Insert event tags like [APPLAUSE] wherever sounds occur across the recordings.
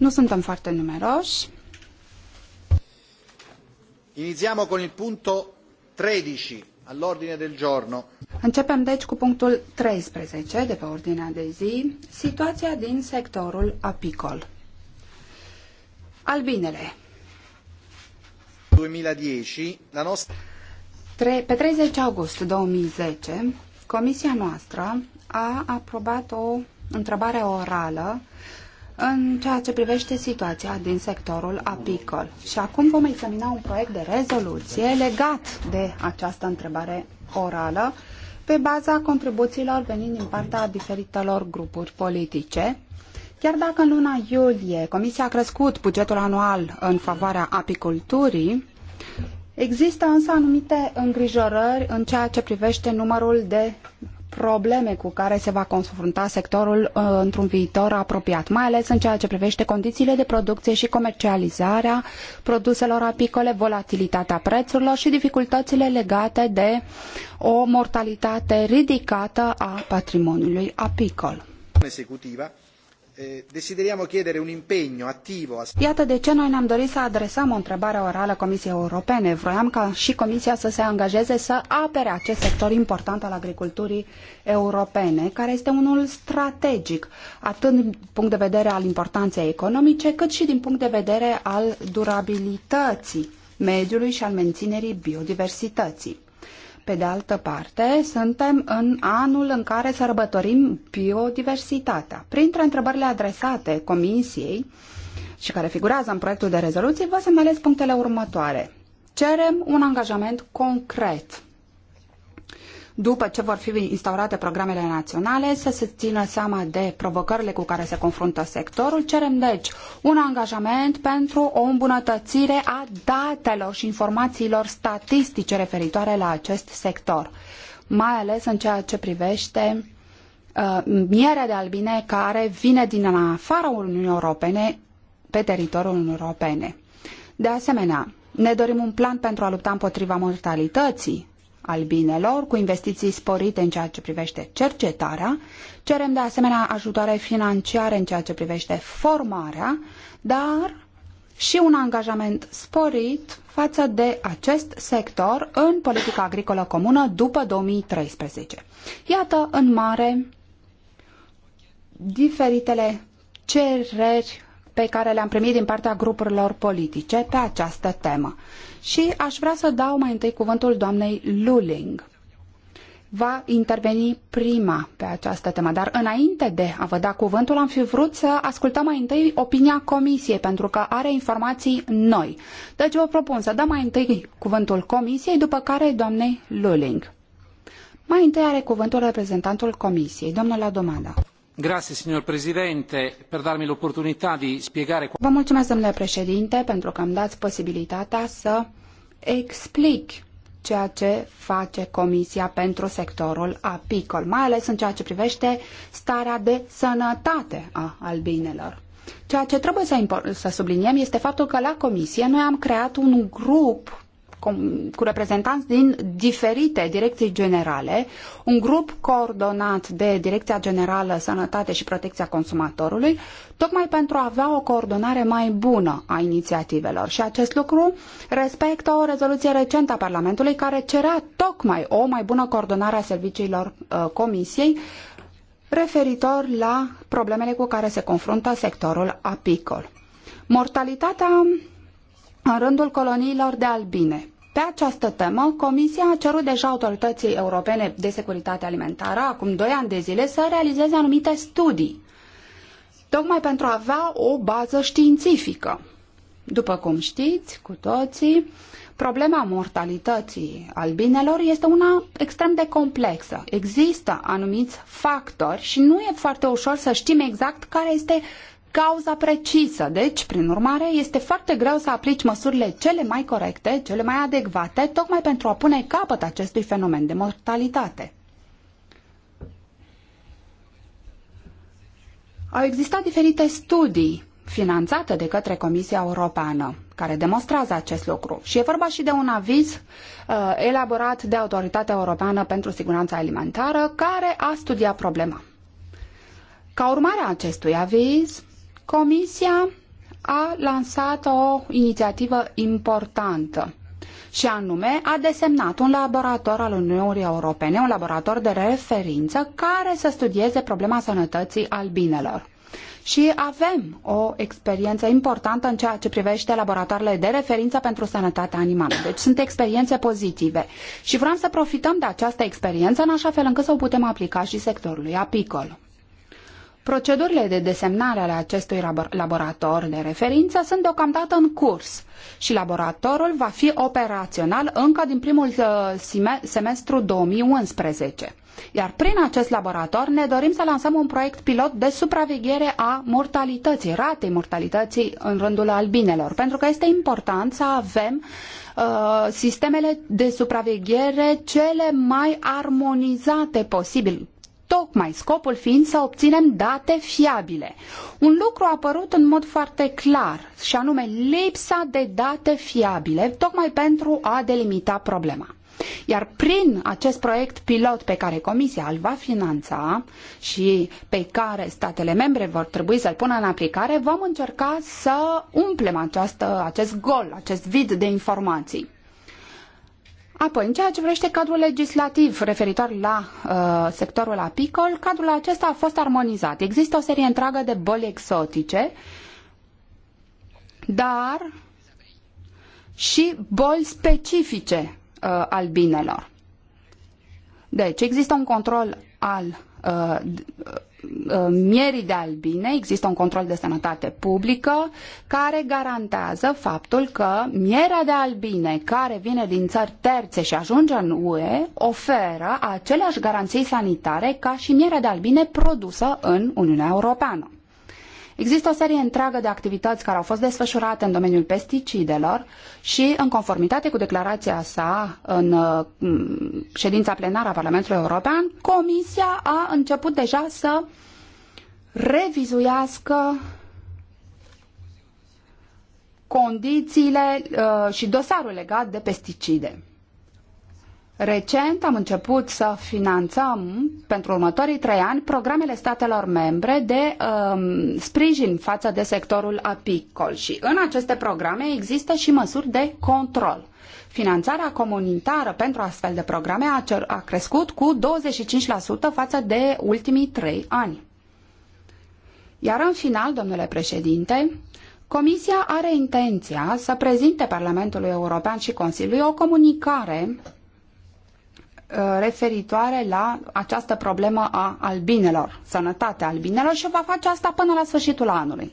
Nu suntem foarte numeroși. Iniziamo con il punto 13 all'ordine del giorno. Începem deci cu punctul 13 de pe ordinea de zi, situația din sectorul apicol. Albinele. 2010, la noastră... Pe 30 august 2010, comisia noastră a aprobat o întrebare orală în ceea ce privește situația din sectorul apicol. Și acum vom examina un proiect de rezoluție legat de această întrebare orală pe baza contribuțiilor venind din partea diferitelor grupuri politice. Chiar dacă în luna iulie Comisia a crescut bugetul anual în favoarea apiculturii, există însă anumite îngrijorări în ceea ce privește numărul de probleme cu care se va confrunta sectorul uh, într-un viitor apropiat, mai ales în ceea ce privește condițiile de producție și comercializarea produselor apicole, volatilitatea prețurilor și dificultățile legate de o mortalitate ridicată a patrimoniului apicol. Eh, desideriamo chiedere un impegno attivo. Iată de ce noi ne-am dorit să adresăm o întrebare orală Comisiei Europene. Vroiam ca și Comisia să se angajeze să apere acest sector important al agriculturii europene, care este unul strategic, atât din punct de vedere al importanței economice, cât și din punct de vedere al durabilității mediului și al menținerii biodiversității. Pe de altă parte, suntem în anul în care sărbătorim biodiversitatea. Printre întrebările adresate Comisiei și care figurează în proiectul de rezoluție, vă semnalez punctele următoare. Cerem un angajament concret după ce vor fi instaurate programele naționale, să se țină seama de provocările cu care se confruntă sectorul. Cerem, deci, un angajament pentru o îmbunătățire a datelor și informațiilor statistice referitoare la acest sector, mai ales în ceea ce privește uh, mierea de albine care vine din afara Uniunii Europene pe teritoriul Uniunii Europene. De asemenea, ne dorim un plan pentru a lupta împotriva mortalității albinelor, cu investiții sporite în ceea ce privește cercetarea. Cerem de asemenea ajutoare financiare în ceea ce privește formarea, dar și un angajament sporit față de acest sector în politica agricolă comună după 2013. Iată, în mare, diferitele cereri pe care le-am primit din partea grupurilor politice pe această temă și aș vrea să dau mai întâi cuvântul doamnei Luling. Va interveni prima pe această temă, dar înainte de a vă da cuvântul am fi vrut să ascultăm mai întâi opinia comisiei, pentru că are informații noi. Deci vă propun să dăm mai întâi cuvântul comisiei, după care doamnei Luling. Mai întâi are cuvântul reprezentantul comisiei, domnul Adomada. Vă mulțumesc, domnule președinte, pentru că îmi dați posibilitatea să explic ceea ce face Comisia pentru sectorul apicol, mai ales în ceea ce privește starea de sănătate a albinelor. Ceea ce trebuie să, să subliniem este faptul că la Comisie noi am creat un grup cu reprezentanți din diferite direcții generale, un grup coordonat de Direcția Generală Sănătate și Protecția Consumatorului, tocmai pentru a avea o coordonare mai bună a inițiativelor. Și acest lucru respectă o rezoluție recentă a Parlamentului care cerea tocmai o mai bună coordonare a serviciilor uh, Comisiei referitor la problemele cu care se confruntă sectorul apicol. Mortalitatea în rândul coloniilor de albine. Pe această temă, Comisia a cerut deja autorității europene de securitate alimentară, acum 2 ani de zile, să realizeze anumite studii, tocmai pentru a avea o bază științifică. După cum știți cu toții, problema mortalității albinelor este una extrem de complexă. Există anumiți factori și nu e foarte ușor să știm exact care este cauza precisă. Deci, prin urmare, este foarte greu să aplici măsurile cele mai corecte, cele mai adecvate, tocmai pentru a pune capăt acestui fenomen de mortalitate. Au existat diferite studii finanțate de către Comisia Europeană care demonstrează acest lucru. Și e vorba și de un aviz uh, elaborat de Autoritatea Europeană pentru Siguranța Alimentară care a studiat problema. Ca urmare a acestui aviz, Comisia a lansat o inițiativă importantă și anume a desemnat un laborator al Uniunii Europene, un laborator de referință care să studieze problema sănătății albinelor. Și avem o experiență importantă în ceea ce privește laboratoarele de referință pentru sănătatea animalelor. Deci sunt experiențe pozitive. Și vrem să profităm de această experiență în așa fel încât să o putem aplica și sectorului apicol. Procedurile de desemnare ale acestui laborator de referință sunt deocamdată în curs și laboratorul va fi operațional încă din primul uh, semestru 2011. Iar prin acest laborator ne dorim să lansăm un proiect pilot de supraveghere a mortalității, ratei mortalității în rândul albinelor, pentru că este important să avem uh, sistemele de supraveghere cele mai armonizate posibil tocmai scopul fiind să obținem date fiabile. Un lucru a apărut în mod foarte clar, și anume lipsa de date fiabile, tocmai pentru a delimita problema. Iar prin acest proiect pilot pe care Comisia îl va finanța și pe care statele membre vor trebui să-l pună în aplicare, vom încerca să umplem această, acest gol, acest vid de informații. Apoi, în ceea ce vrește cadrul legislativ referitor la uh, sectorul apicol, cadrul acesta a fost armonizat. Există o serie întreagă de boli exotice, dar și boli specifice uh, albinelor. Deci, există un control al uh, Uh, mierii de albine există un control de sănătate publică care garantează faptul că mierea de albine care vine din țări terțe și ajunge în UE oferă aceleași garanții sanitare ca și mierea de albine produsă în Uniunea Europeană. Există o serie întreagă de activități care au fost desfășurate în domeniul pesticidelor și, în conformitate cu declarația sa în mm, ședința plenară a Parlamentului European, Comisia a început deja să revizuiască condițiile uh, și dosarul legat de pesticide. Recent am început să finanțăm pentru următorii trei ani programele statelor membre de um, sprijin față de sectorul apicol și în aceste programe există și măsuri de control. Finanțarea comunitară pentru astfel de programe a, cer, a crescut cu 25% față de ultimii trei ani. Iar în final, domnule președinte, Comisia are intenția să prezinte Parlamentului European și Consiliului o comunicare Uh, referitoare la această problemă a albinelor, sănătatea albinelor și va face asta până la sfârșitul anului.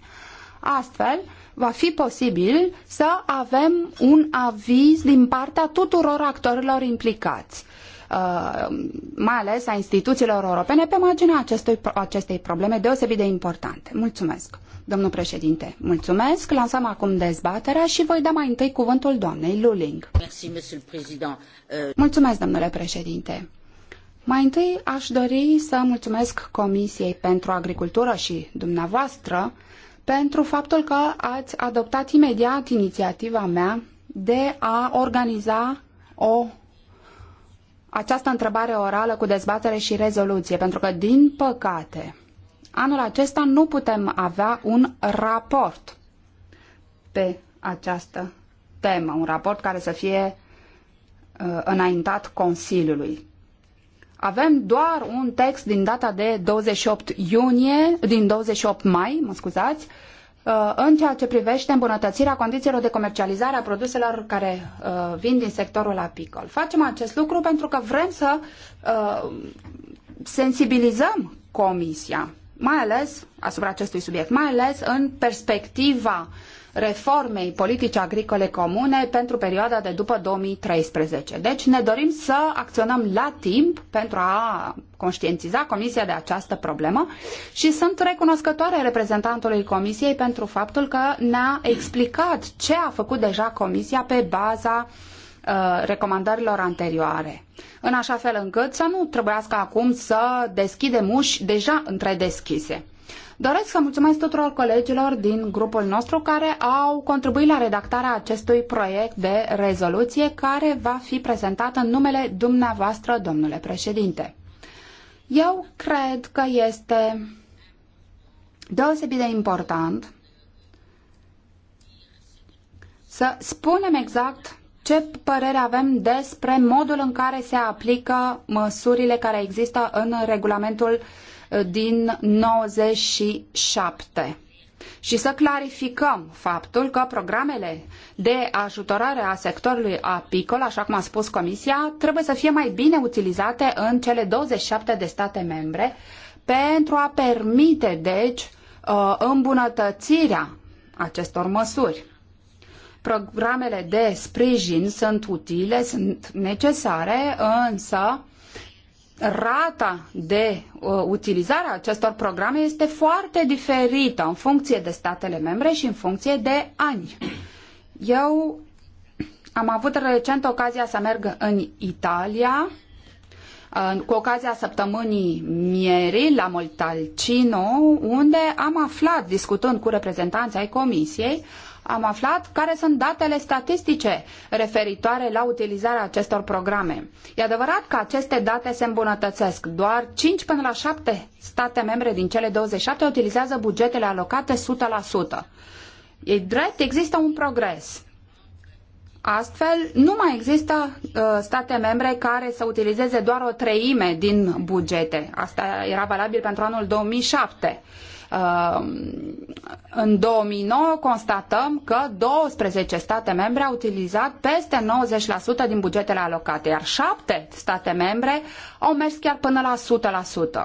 Astfel, va fi posibil să avem un aviz din partea tuturor actorilor implicați, uh, mai ales a instituțiilor europene, pe marginea acestui, acestei probleme deosebit de importante. Mulțumesc! Domnul președinte, mulțumesc. Lansăm acum dezbaterea și voi da mai întâi cuvântul doamnei Luling. Euh, mulțumesc, domnule președinte. Mai întâi aș dori să mulțumesc Comisiei pentru Agricultură și dumneavoastră pentru faptul că ați adoptat imediat inițiativa mea de a organiza o această întrebare orală cu dezbatere și rezoluție, pentru că, din păcate, anul acesta nu putem avea un raport pe această temă, un raport care să fie uh, înaintat Consiliului. Avem doar un text din data de 28 iunie, din 28 mai, mă scuzați, uh, în ceea ce privește îmbunătățirea condițiilor de comercializare a produselor care uh, vin din sectorul apicol. Facem acest lucru pentru că vrem să uh, sensibilizăm Comisia mai ales asupra acestui subiect, mai ales în perspectiva reformei politice agricole comune pentru perioada de după 2013. Deci ne dorim să acționăm la timp pentru a conștientiza Comisia de această problemă și sunt recunoscătoare reprezentantului Comisiei pentru faptul că ne-a explicat ce a făcut deja Comisia pe baza uh, Uh, recomandărilor anterioare, în așa fel încât să nu trebuiască acum să deschidem uși deja întredeschise. Doresc să mulțumesc tuturor colegilor din grupul nostru care au contribuit la redactarea acestui proiect de rezoluție care va fi prezentat în numele dumneavoastră, domnule președinte. Eu cred că este deosebit de important să spunem exact ce părere avem despre modul în care se aplică măsurile care există în regulamentul uh, din 97 și să clarificăm faptul că programele de ajutorare a sectorului apicol, așa cum a spus Comisia, trebuie să fie mai bine utilizate în cele 27 de state membre pentru a permite, deci, uh, îmbunătățirea acestor măsuri. Programele de sprijin sunt utile, sunt necesare, însă rata de uh, utilizare a acestor programe este foarte diferită în funcție de statele membre și în funcție de ani. Eu am avut recent ocazia să merg în Italia cu ocazia săptămânii mierii la Moltalcino, unde am aflat, discutând cu reprezentanții ai comisiei, am aflat care sunt datele statistice referitoare la utilizarea acestor programe. E adevărat că aceste date se îmbunătățesc. Doar 5 până la 7 state membre din cele 27 utilizează bugetele alocate 100%. E drept, există un progres. Astfel, nu mai există uh, state membre care să utilizeze doar o treime din bugete. Asta era valabil pentru anul 2007. Uh, în 2009 constatăm că 12 state membre au utilizat peste 90% din bugetele alocate, iar 7 state membre au mers chiar până la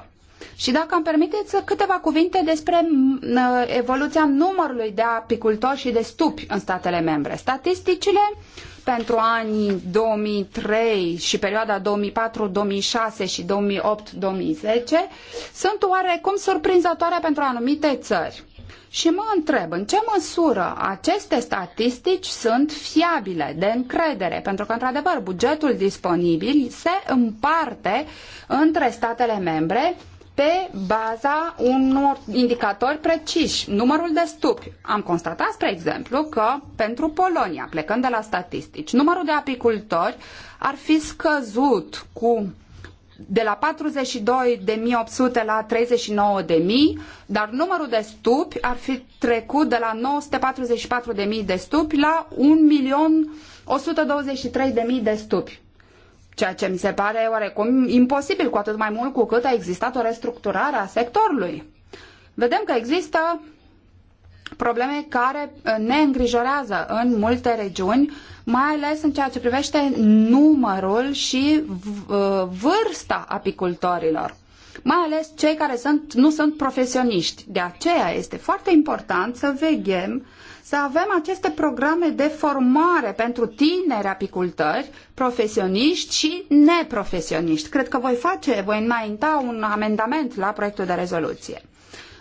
100%. Și dacă îmi permiteți câteva cuvinte despre uh, evoluția numărului de apicultori și de stupi în statele membre. Statisticile uh, pentru anii 2003 și perioada 2004-2006 și 2008-2010 sunt oarecum surprinzătoare pentru anumite țări. Și mă întreb în ce măsură aceste statistici sunt fiabile, de încredere, pentru că, într-adevăr, bugetul disponibil se împarte între statele membre pe baza unor indicatori preciși, numărul de stupi. Am constatat, spre exemplu, că pentru Polonia, plecând de la statistici, numărul de apicultori ar fi scăzut cu de la 42.800 la 39.000, dar numărul de stupi ar fi trecut de la 944.000 de stupi la 1.123.000 de stupi ceea ce mi se pare oarecum imposibil, cu atât mai mult cu cât a existat o restructurare a sectorului. Vedem că există probleme care uh, ne îngrijorează în multe regiuni, mai ales în ceea ce privește numărul și uh, vârsta apicultorilor mai ales cei care sunt, nu sunt profesioniști. De aceea este foarte important să veghem să avem aceste programe de formare pentru tineri apicultori, profesioniști și neprofesioniști. Cred că voi face, voi înainta un amendament la proiectul de rezoluție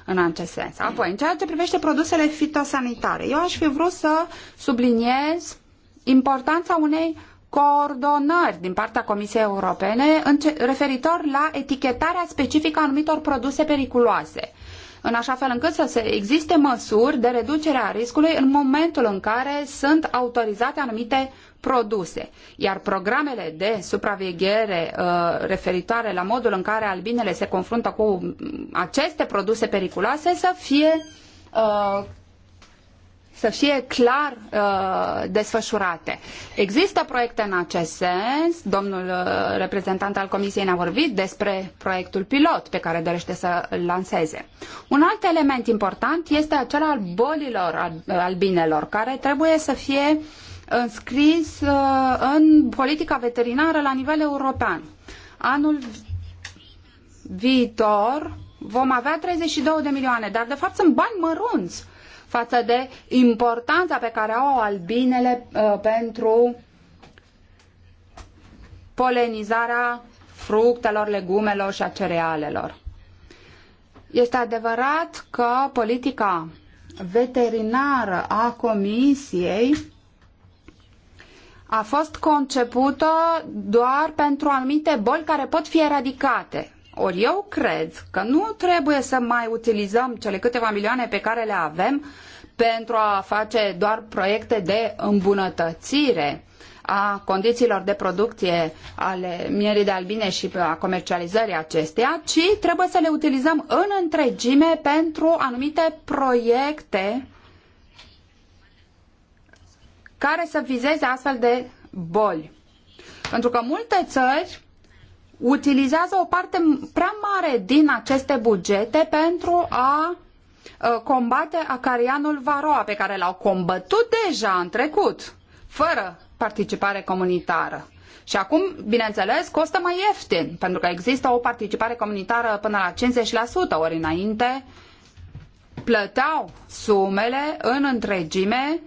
în acest sens. Apoi, în ceea ce privește produsele fitosanitare, eu aș fi vrut să subliniez importanța unei coordonări din partea Comisiei Europene referitor la etichetarea specifică a anumitor produse periculoase în așa fel încât să se existe măsuri de reducere a riscului în momentul în care sunt autorizate anumite produse. Iar programele de supraveghere uh, referitoare la modul în care albinele se confruntă cu aceste produse periculoase să fie uh, să fie clar uh, desfășurate. Există proiecte în acest sens, domnul uh, reprezentant al Comisiei ne-a vorbit despre proiectul pilot pe care dorește să îl lanseze. Un alt element important este acela al bolilor albinelor, care trebuie să fie înscris uh, în politica veterinară la nivel european. Anul viitor vom avea 32 de milioane, dar de fapt sunt bani mărunți față de importanța pe care au albinele uh, pentru polenizarea fructelor, legumelor și a cerealelor. Este adevărat că politica veterinară a Comisiei a fost concepută doar pentru anumite boli care pot fi eradicate. Ori eu cred că nu trebuie să mai utilizăm cele câteva milioane pe care le avem pentru a face doar proiecte de îmbunătățire a condițiilor de producție ale mierii de albine și a comercializării acesteia, ci trebuie să le utilizăm în întregime pentru anumite proiecte care să vizeze astfel de boli. Pentru că multe țări utilizează o parte prea mare din aceste bugete pentru a ă, combate acarianul Varoa, pe care l-au combătut deja în trecut, fără participare comunitară. Și acum, bineînțeles, costă mai ieftin, pentru că există o participare comunitară până la 50%, ori înainte plăteau sumele în întregime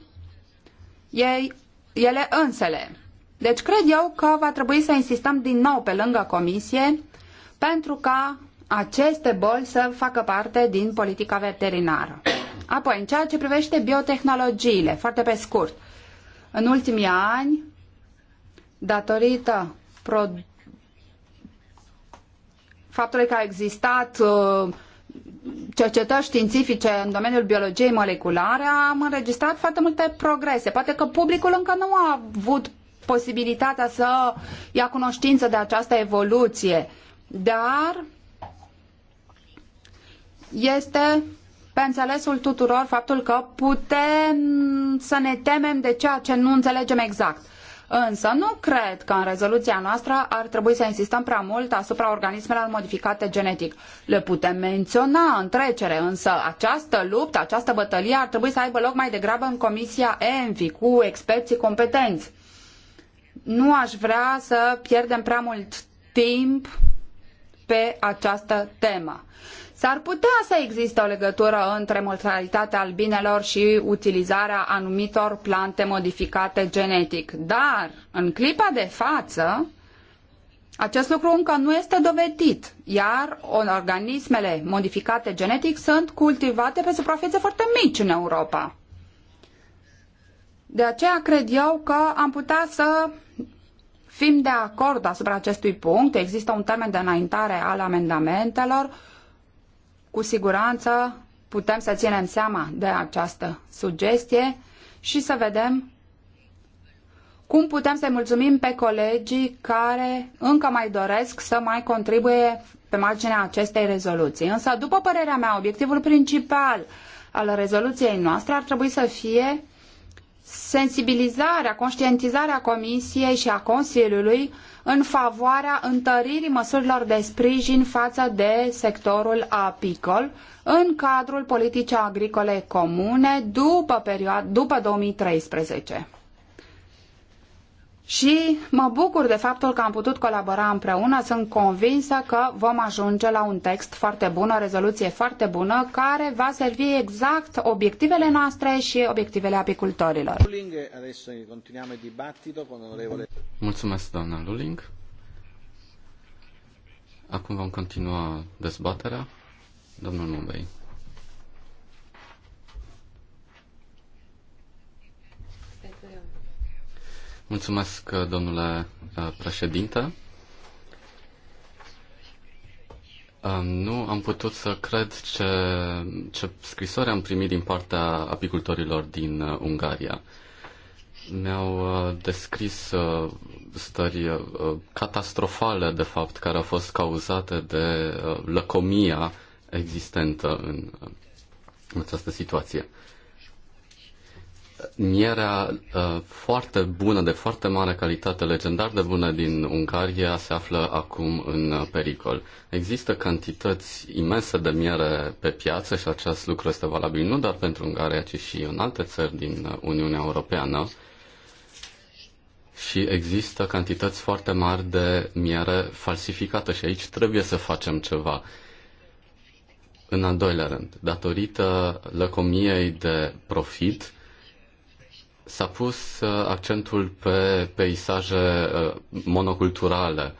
ei, ele însele. Deci cred eu că va trebui să insistăm din nou pe lângă comisie pentru ca aceste boli să facă parte din politica veterinară. Apoi, în ceea ce privește biotehnologiile, foarte pe scurt, în ultimii ani, datorită pro... faptului că a existat uh, cercetări științifice în domeniul biologiei moleculare, am înregistrat foarte multe progrese. Poate că publicul încă nu a avut posibilitatea să ia cunoștință de această evoluție, dar este pe înțelesul tuturor faptul că putem să ne temem de ceea ce nu înțelegem exact. Însă nu cred că în rezoluția noastră ar trebui să insistăm prea mult asupra organismelor modificate genetic. Le putem menționa în trecere, însă această luptă, această bătălie ar trebui să aibă loc mai degrabă în Comisia ENVI cu experții competenți nu aș vrea să pierdem prea mult timp pe această temă. S-ar putea să existe o legătură între mortalitatea albinelor și utilizarea anumitor plante modificate genetic, dar în clipa de față acest lucru încă nu este dovedit, iar organismele modificate genetic sunt cultivate pe suprafețe foarte mici în Europa. De aceea cred eu că am putea să fim de acord asupra acestui punct. Există un termen de înaintare al amendamentelor. Cu siguranță putem să ținem seama de această sugestie și să vedem cum putem să-i mulțumim pe colegii care încă mai doresc să mai contribuie pe marginea acestei rezoluții. Însă, după părerea mea, obiectivul principal al rezoluției noastre ar trebui să fie sensibilizarea, conștientizarea Comisiei și a Consiliului în favoarea întăririi măsurilor de sprijin față de sectorul apicol în cadrul politicii agricole comune după, perioada, după 2013 și mă bucur de faptul că am putut colabora împreună. Sunt convinsă că vom ajunge la un text foarte bun, o rezoluție foarte bună, care va servi exact obiectivele noastre și obiectivele apicultorilor. Mulțumesc, doamna Luling. Acum vom continua dezbaterea. Domnul Nubei. Mulțumesc, uh, domnule uh, președinte. Um, nu am putut să cred ce, ce scrisoare am primit din partea apicultorilor din uh, Ungaria. Mi-au descris stări catastrofale, de fapt, care au fost cauzate de lăcomia existentă în această situație. Mierea uh, foarte bună, de foarte mare calitate, legendar de bună din Ungaria, se află acum în uh, pericol. Există cantități imense de miere pe piață și acest lucru este valabil nu doar pentru Ungaria, ci și în alte țări din uh, Uniunea Europeană. Și există cantități foarte mari de miere falsificată și aici trebuie să facem ceva. În al doilea rând, datorită lăcomiei de profit, S-a pus uh, accentul pe peisaje uh, monoculturale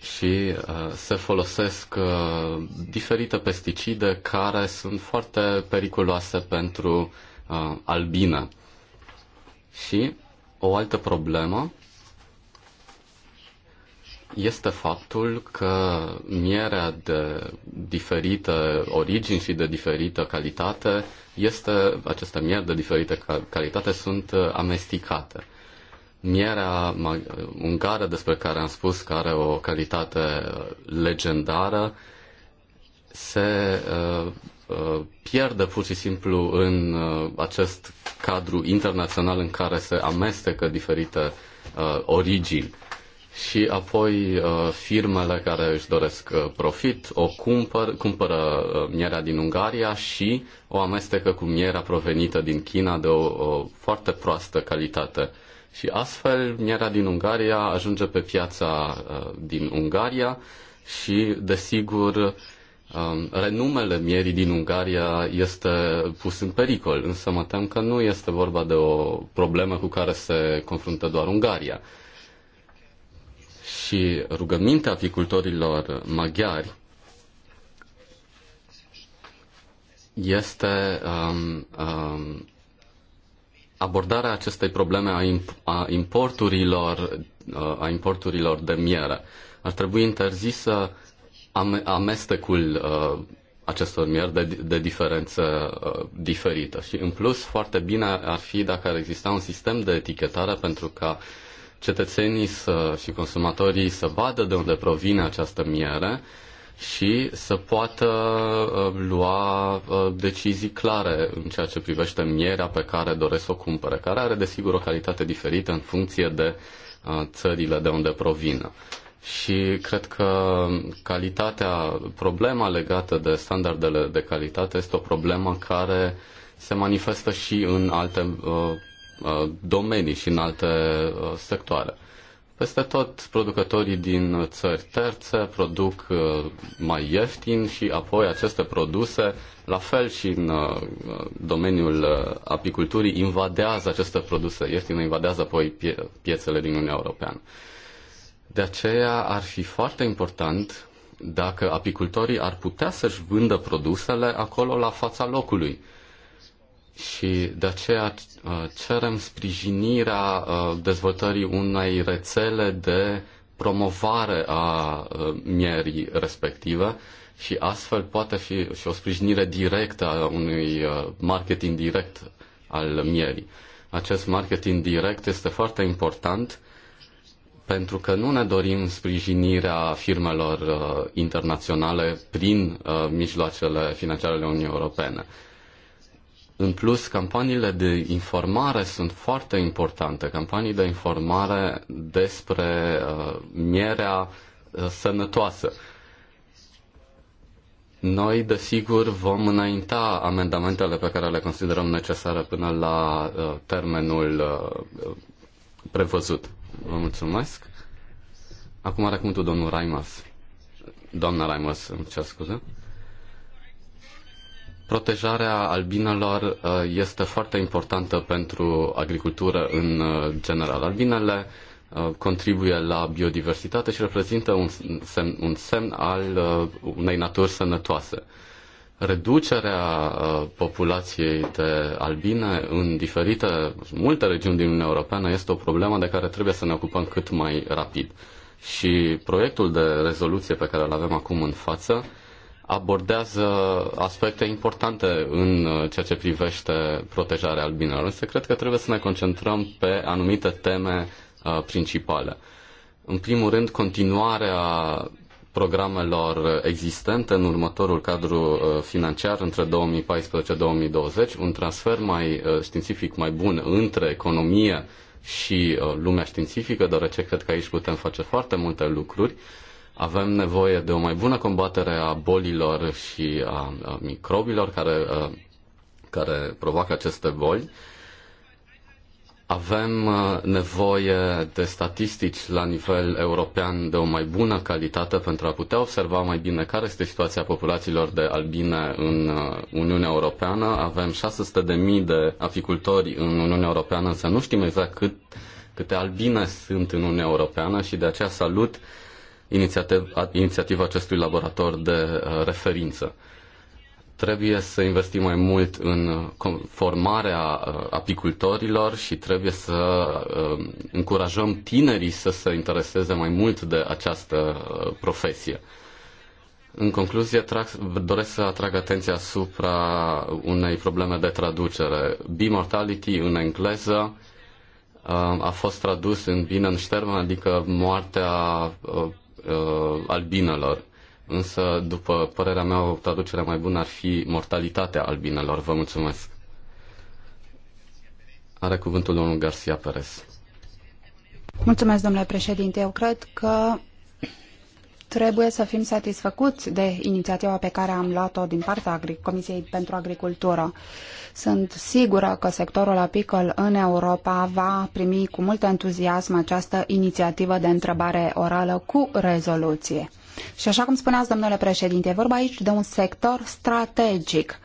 și uh, se folosesc diferite pesticide care sunt foarte periculoase pentru albine. Și o altă problemă este faptul că mierea de diferite origini și de diferită calitate este, aceste mieri de diferită calitate sunt uh, amestecate. Mierea ungară, despre care am spus că are o calitate legendară, se uh, uh, pierde pur și simplu în uh, acest cadru internațional în care se amestecă diferite uh, origini și apoi uh, firmele care își doresc uh, profit o cumpăr, cumpără uh, mierea din Ungaria și o amestecă cu mierea provenită din China de o, o foarte proastă calitate. Și astfel mierea din Ungaria ajunge pe piața din Ungaria și, desigur, um, renumele mierii din Ungaria este pus în pericol, însă mă tem că nu este vorba de o problemă cu care se confruntă doar Ungaria și rugămintea apicultorilor maghiari este um, um, abordarea acestei probleme a, imp- a importurilor uh, a importurilor de miere. Ar trebui interzisă am- amestecul uh, acestor mieri de, de diferență uh, diferită. Și în plus, foarte bine ar fi dacă ar exista un sistem de etichetare pentru ca uh, cetățenii să, și consumatorii să vadă de unde provine această miere și să poată uh, lua uh, decizii clare în ceea ce privește mierea pe care doresc să o cumpere, care are desigur o calitate diferită în funcție de uh, țările de unde provină. Și cred că calitatea, problema legată de standardele de calitate este o problemă care se manifestă și în alte Uh, domenii și în alte uh, sectoare. Peste tot, producătorii din țări terțe produc uh, mai ieftin și apoi aceste produse, la fel și în domeniul apiculturii, invadează aceste produse ieftine, invadează apoi piețele din Uniunea Europeană. De aceea ar fi foarte important dacă apicultorii ar putea să-și vândă produsele acolo la fața locului și de aceea uh, cerem sprijinirea uh, dezvoltării unei rețele de promovare a uh, mierii respective și astfel poate fi și o sprijinire directă a unui marketing direct al mierii. Acest marketing direct este foarte important pentru că nu ne dorim sprijinirea firmelor uh, internaționale prin uh, mijloacele financiare ale Uniunii Europene. În plus, campaniile de informare sunt foarte importante, campanii de informare despre uh, mierea uh, sănătoasă. Noi, desigur, vom înainta amendamentele pe care le considerăm necesare până la uh, termenul uh, prevăzut. Vă mulțumesc. Acum are cuvântul domnul Raimas. Doamna Raimas, îmi cer scuze. Protejarea albinelor uh, este foarte importantă pentru agricultură în uh, general. Albinele uh, contribuie la biodiversitate și reprezintă un semn, un semn al unei naturi sănătoase. Reducerea populației de albine în diferite, multe regiuni din Uniunea Europeană este o problemă de care trebuie să ne ocupăm cât mai rapid. Și proiectul de rezoluție pe care îl avem acum în față abordează aspecte importante în uh, ceea ce privește protejarea albinelor, însă cred că trebuie să ne concentrăm pe anumite teme uh, principale. În primul rând, continuarea programelor existente în următorul cadru uh, financiar între 2014-2020, un transfer mai științific mai bun între economie și lumea științifică, deoarece cred că aici putem face foarte multe lucruri, avem nevoie de o mai bună combatere a bolilor și a, a microbilor care, a, care provoacă aceste boli. Avem nevoie de statistici la nivel european de o mai bună calitate pentru a putea observa mai bine care este situația populațiilor de albine în Uniunea Europeană. Avem 600.000 de apicultori în Uniunea Europeană, însă nu știm exact cât, câte albine sunt în Uniunea Europeană și de aceea salut uh, inițiativa, acestui laborator de uh, referință. Trebuie să investim mai mult în uh, formarea uh, apicultorilor și trebuie să încurajăm tinerii să se intereseze mai mult de această profesie. În concluzie, trag, doresc să atrag atenția asupra unei probleme de traducere. Bimortality în engleză a fost tradus în bine în ștermen, adică moartea uh, albinelor. Însă, după părerea mea, o traducere mai bună ar fi mortalitatea albinelor. Vă mulțumesc. Are cuvântul domnul Garcia Perez. Mulțumesc, domnule președinte. Eu cred că trebuie să fim satisfăcuți de inițiativa pe care am luat-o din partea Comisiei pentru Agricultură. Sunt sigură că sectorul apicol în Europa va primi cu mult entuziasm această inițiativă de întrebare orală cu rezoluție. Și așa cum spuneați, domnule președinte, e vorba aici de un sector strategic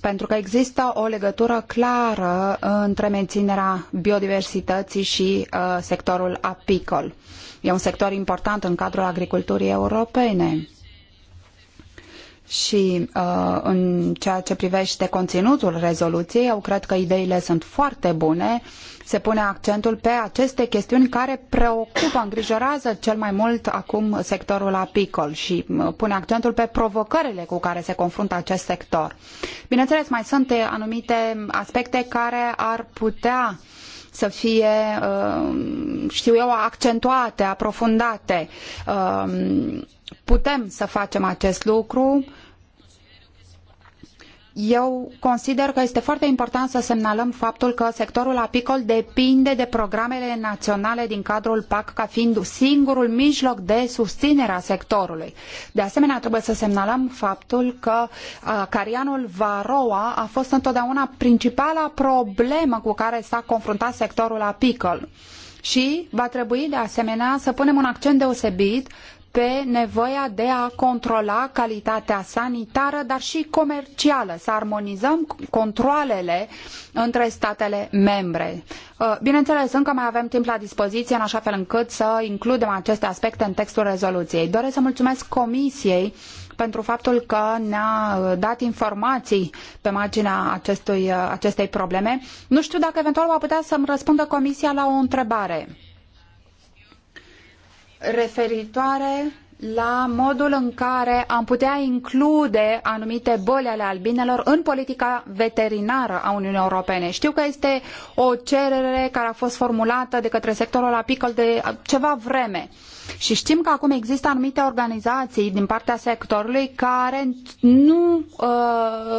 pentru că există o legătură clară între menținerea biodiversității și uh, sectorul apicol. E un sector important în cadrul agriculturii europene. Și uh, în ceea ce privește conținutul rezoluției, eu cred că ideile sunt foarte bune. Se pune accentul pe aceste chestiuni care preocupă, îngrijorează cel mai mult acum sectorul apicol și uh, pune accentul pe provocările cu care se confruntă acest sector. Bineînțeles, mai sunt anumite aspecte care ar putea să fie, um, știu eu, accentuate, aprofundate. Um, putem să facem acest lucru eu consider că este foarte important să semnalăm faptul că sectorul apicol depinde de programele naționale din cadrul PAC ca fiind singurul mijloc de susținere a sectorului. De asemenea, trebuie să semnalăm faptul că uh, carianul Varroa a fost întotdeauna principala problemă cu care s-a confruntat sectorul apicol și va trebui de asemenea să punem un accent deosebit pe nevoia de a controla calitatea sanitară, dar și comercială, să armonizăm controlele între statele membre. Uh, bineînțeles, încă mai avem timp la dispoziție în așa fel încât să includem aceste aspecte în textul rezoluției. Doresc să mulțumesc Comisiei pentru faptul că ne-a uh, dat informații pe marginea acestui, uh, acestei probleme. Nu știu dacă eventual va putea să-mi răspundă Comisia la o întrebare referitoare la modul în care am putea include anumite boli ale albinelor în politica veterinară a Uniunii Europene. Știu că este o cerere care a fost formulată de către sectorul apicol de ceva vreme și știm că acum există anumite organizații din partea sectorului care nu uh,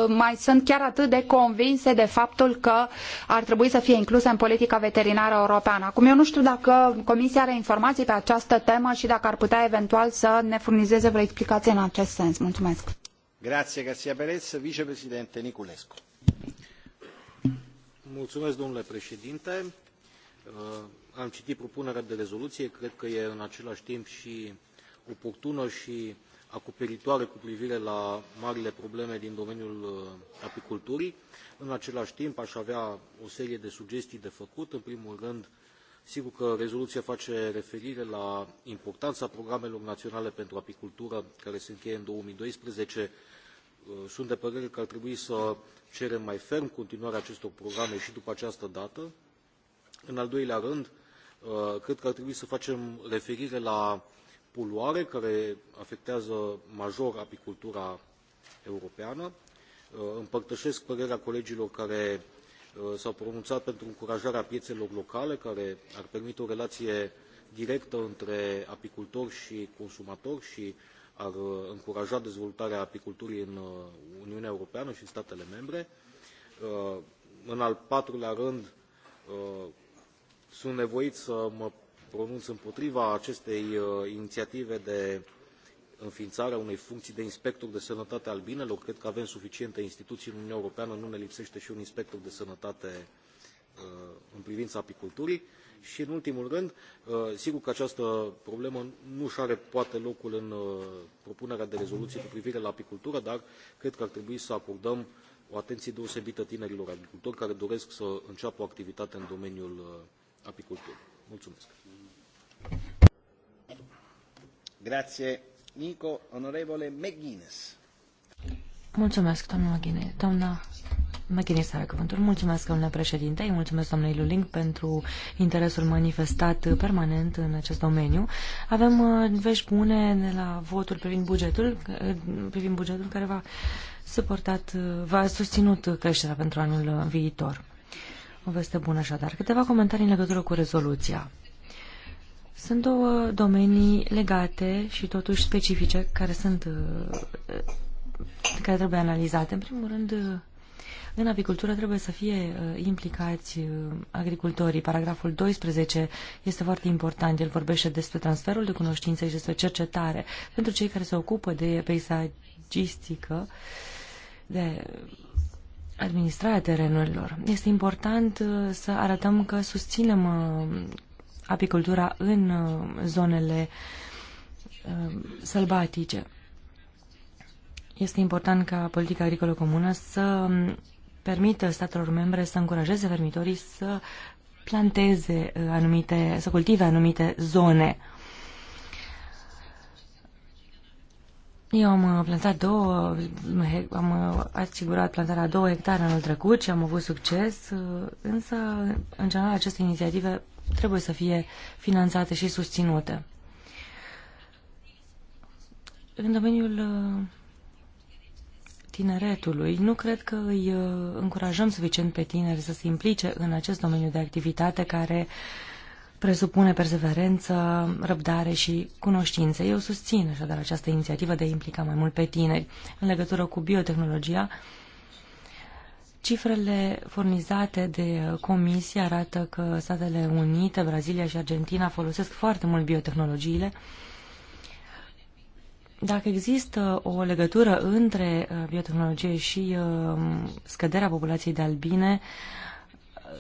mai sunt chiar atât de convinse de faptul că ar trebui să fie incluse în politica veterinară europeană. Acum eu nu știu dacă Comisia are informații pe această temă și dacă ar putea eventual să să ne furnizeze vreo explicație în acest sens. Mulțumesc. Grazie, Garcia Perez, vicepreședinte Niculescu. Mulțumesc, domnule președinte. Uh, am citit propunerea de rezoluție, cred că e în același timp și oportună și acoperitoare cu privire la marile probleme din domeniul uh, apiculturii. În același timp aș avea o serie de sugestii de făcut. În primul rând, Sigur că rezoluția face referire la importanța programelor naționale pentru apicultură, care se încheie în 2012. Uh, sunt de părere că ar trebui să cerem mai ferm continuarea acestor programe și după această dată. În al doilea rând, uh, cred că ar trebui să facem referire la poluare care afectează major apicultura europeană. Uh, împărtășesc părerea colegilor care Uh, s au pronunțat pentru încurajarea piețelor locale care ar permite o relație directă între apicultori și consumatori și ar uh, încuraja dezvoltarea apiculturii în uh, Uniunea Europeană și în statele membre. În al patrulea rând, sunt nevoit să mă pronunț împotriva acestei inițiative de înființarea unei funcții de inspector de sănătate al binelor. Cred că avem suficiente instituții în Uniunea Europeană, nu ne lipsește și un inspector de sănătate uh, în privința apiculturii. Și, în ultimul rând, uh, sigur că această problemă nu își are poate locul în uh, propunerea de rezoluție cu privire la apicultură, dar cred că ar trebui să acordăm o atenție deosebită tinerilor agricultori care doresc să înceapă o activitate în domeniul apiculturii. Mulțumesc! Grazie. Nico, onorevole McGuinness. Mulțumesc, doamna McGuinness. Doamna McGuinness are cuvântul. Mulțumesc, domnule președinte, îi mulțumesc doamnei Luling pentru interesul manifestat permanent în acest domeniu. Avem uh, vești bune de la votul privind bugetul, uh, privind bugetul care va suportat, uh, va susținut creșterea pentru anul viitor. O veste bună așadar. Câteva comentarii în legătură cu rezoluția. Sunt două domenii legate și totuși specifice care sunt uh, uh, care trebuie analizate. În primul rând, uh, în apicultură trebuie să fie implicați agricultorii. Paragraful 12 este foarte important. El vorbește despre transferul de cunoștințe și despre cercetare. Pentru cei care se ocupă de peisagistică, de administrarea terenurilor. Este important să arătăm că susținem apicultura în uh, zonele uh, sălbatice. Este important ca politica agricolă comună să um, permită statelor membre să încurajeze fermitorii să planteze uh, anumite, să cultive anumite zone. Eu am plantat două, am asigurat plantarea două hectare anul trecut și am avut succes, însă în general aceste inițiative trebuie să fie finanțate și susținute. În domeniul uh, tineretului, nu cred că îi uh, încurajăm suficient pe tineri să se implice în acest domeniu de activitate care presupune perseverență, răbdare și cunoștință. Eu susțin așadar această inițiativă de a implica mai mult pe tineri. În legătură cu biotehnologia, Cifrele furnizate de uh, comisie arată că Statele Unite, Brazilia și Argentina folosesc foarte mult biotehnologiile. Dacă există o legătură între uh, biotehnologie și um, scăderea populației de albine, uh,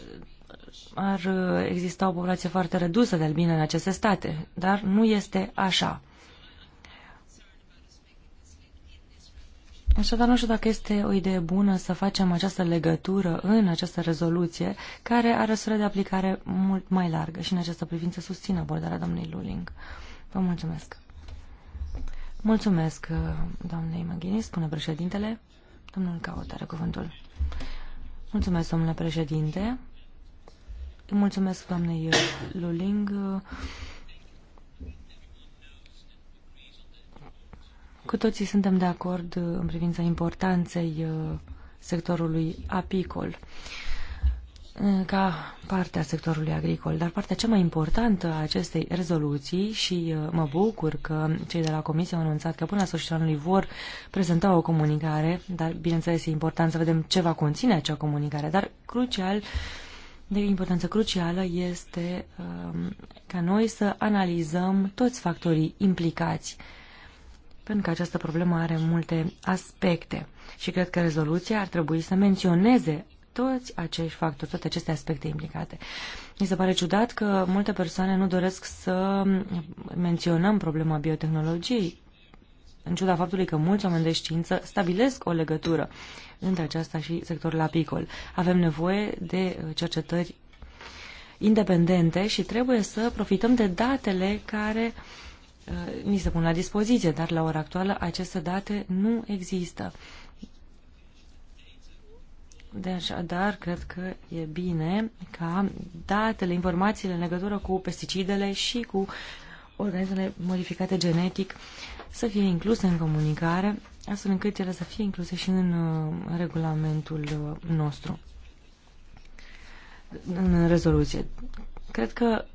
ar exista o populație foarte redusă de albine în aceste state, dar nu este așa. Așadar, nu știu dacă este o idee bună să facem această legătură în această rezoluție, care are o de aplicare mult mai largă și în această privință susțin abordarea doamnei Luling. Vă mulțumesc. Mulțumesc, uh, doamnei Maghini, spune președintele. Domnul Caut are cuvântul. Mulțumesc, domnule președinte. Mulțumesc, doamnei Luling. Uh, Cu toții suntem de acord uh, în privința importanței uh, sectorului apicol uh, ca parte a sectorului agricol, dar partea cea mai importantă a acestei rezoluții și mă bucur că cei de la Comisie au anunțat că până la sfârșitul anului vor prezenta o comunicare, dar bineînțeles e important să vedem ce va conține acea comunicare, dar crucial de importanță crucială este um, ca noi să analizăm toți factorii implicați pentru că această problemă are multe aspecte și cred că rezoluția ar trebui să menționeze toți acești factori, toate aceste aspecte implicate. Mi se pare ciudat că multe persoane nu doresc să menționăm problema biotehnologiei, în ciuda faptului că mulți oameni de știință stabilesc o legătură între aceasta și sectorul apicol. Avem nevoie de cercetări independente și trebuie să profităm de datele care uh, Uh, ni se pun la dispoziție, dar la ora actuală aceste date nu există. Deci, dar cred că e bine ca datele, informațiile în legătură cu pesticidele și cu organismele modificate genetic să fie incluse în comunicare, astfel încât ele să fie incluse și în uh, regulamentul uh, nostru, în rezoluție. Cred că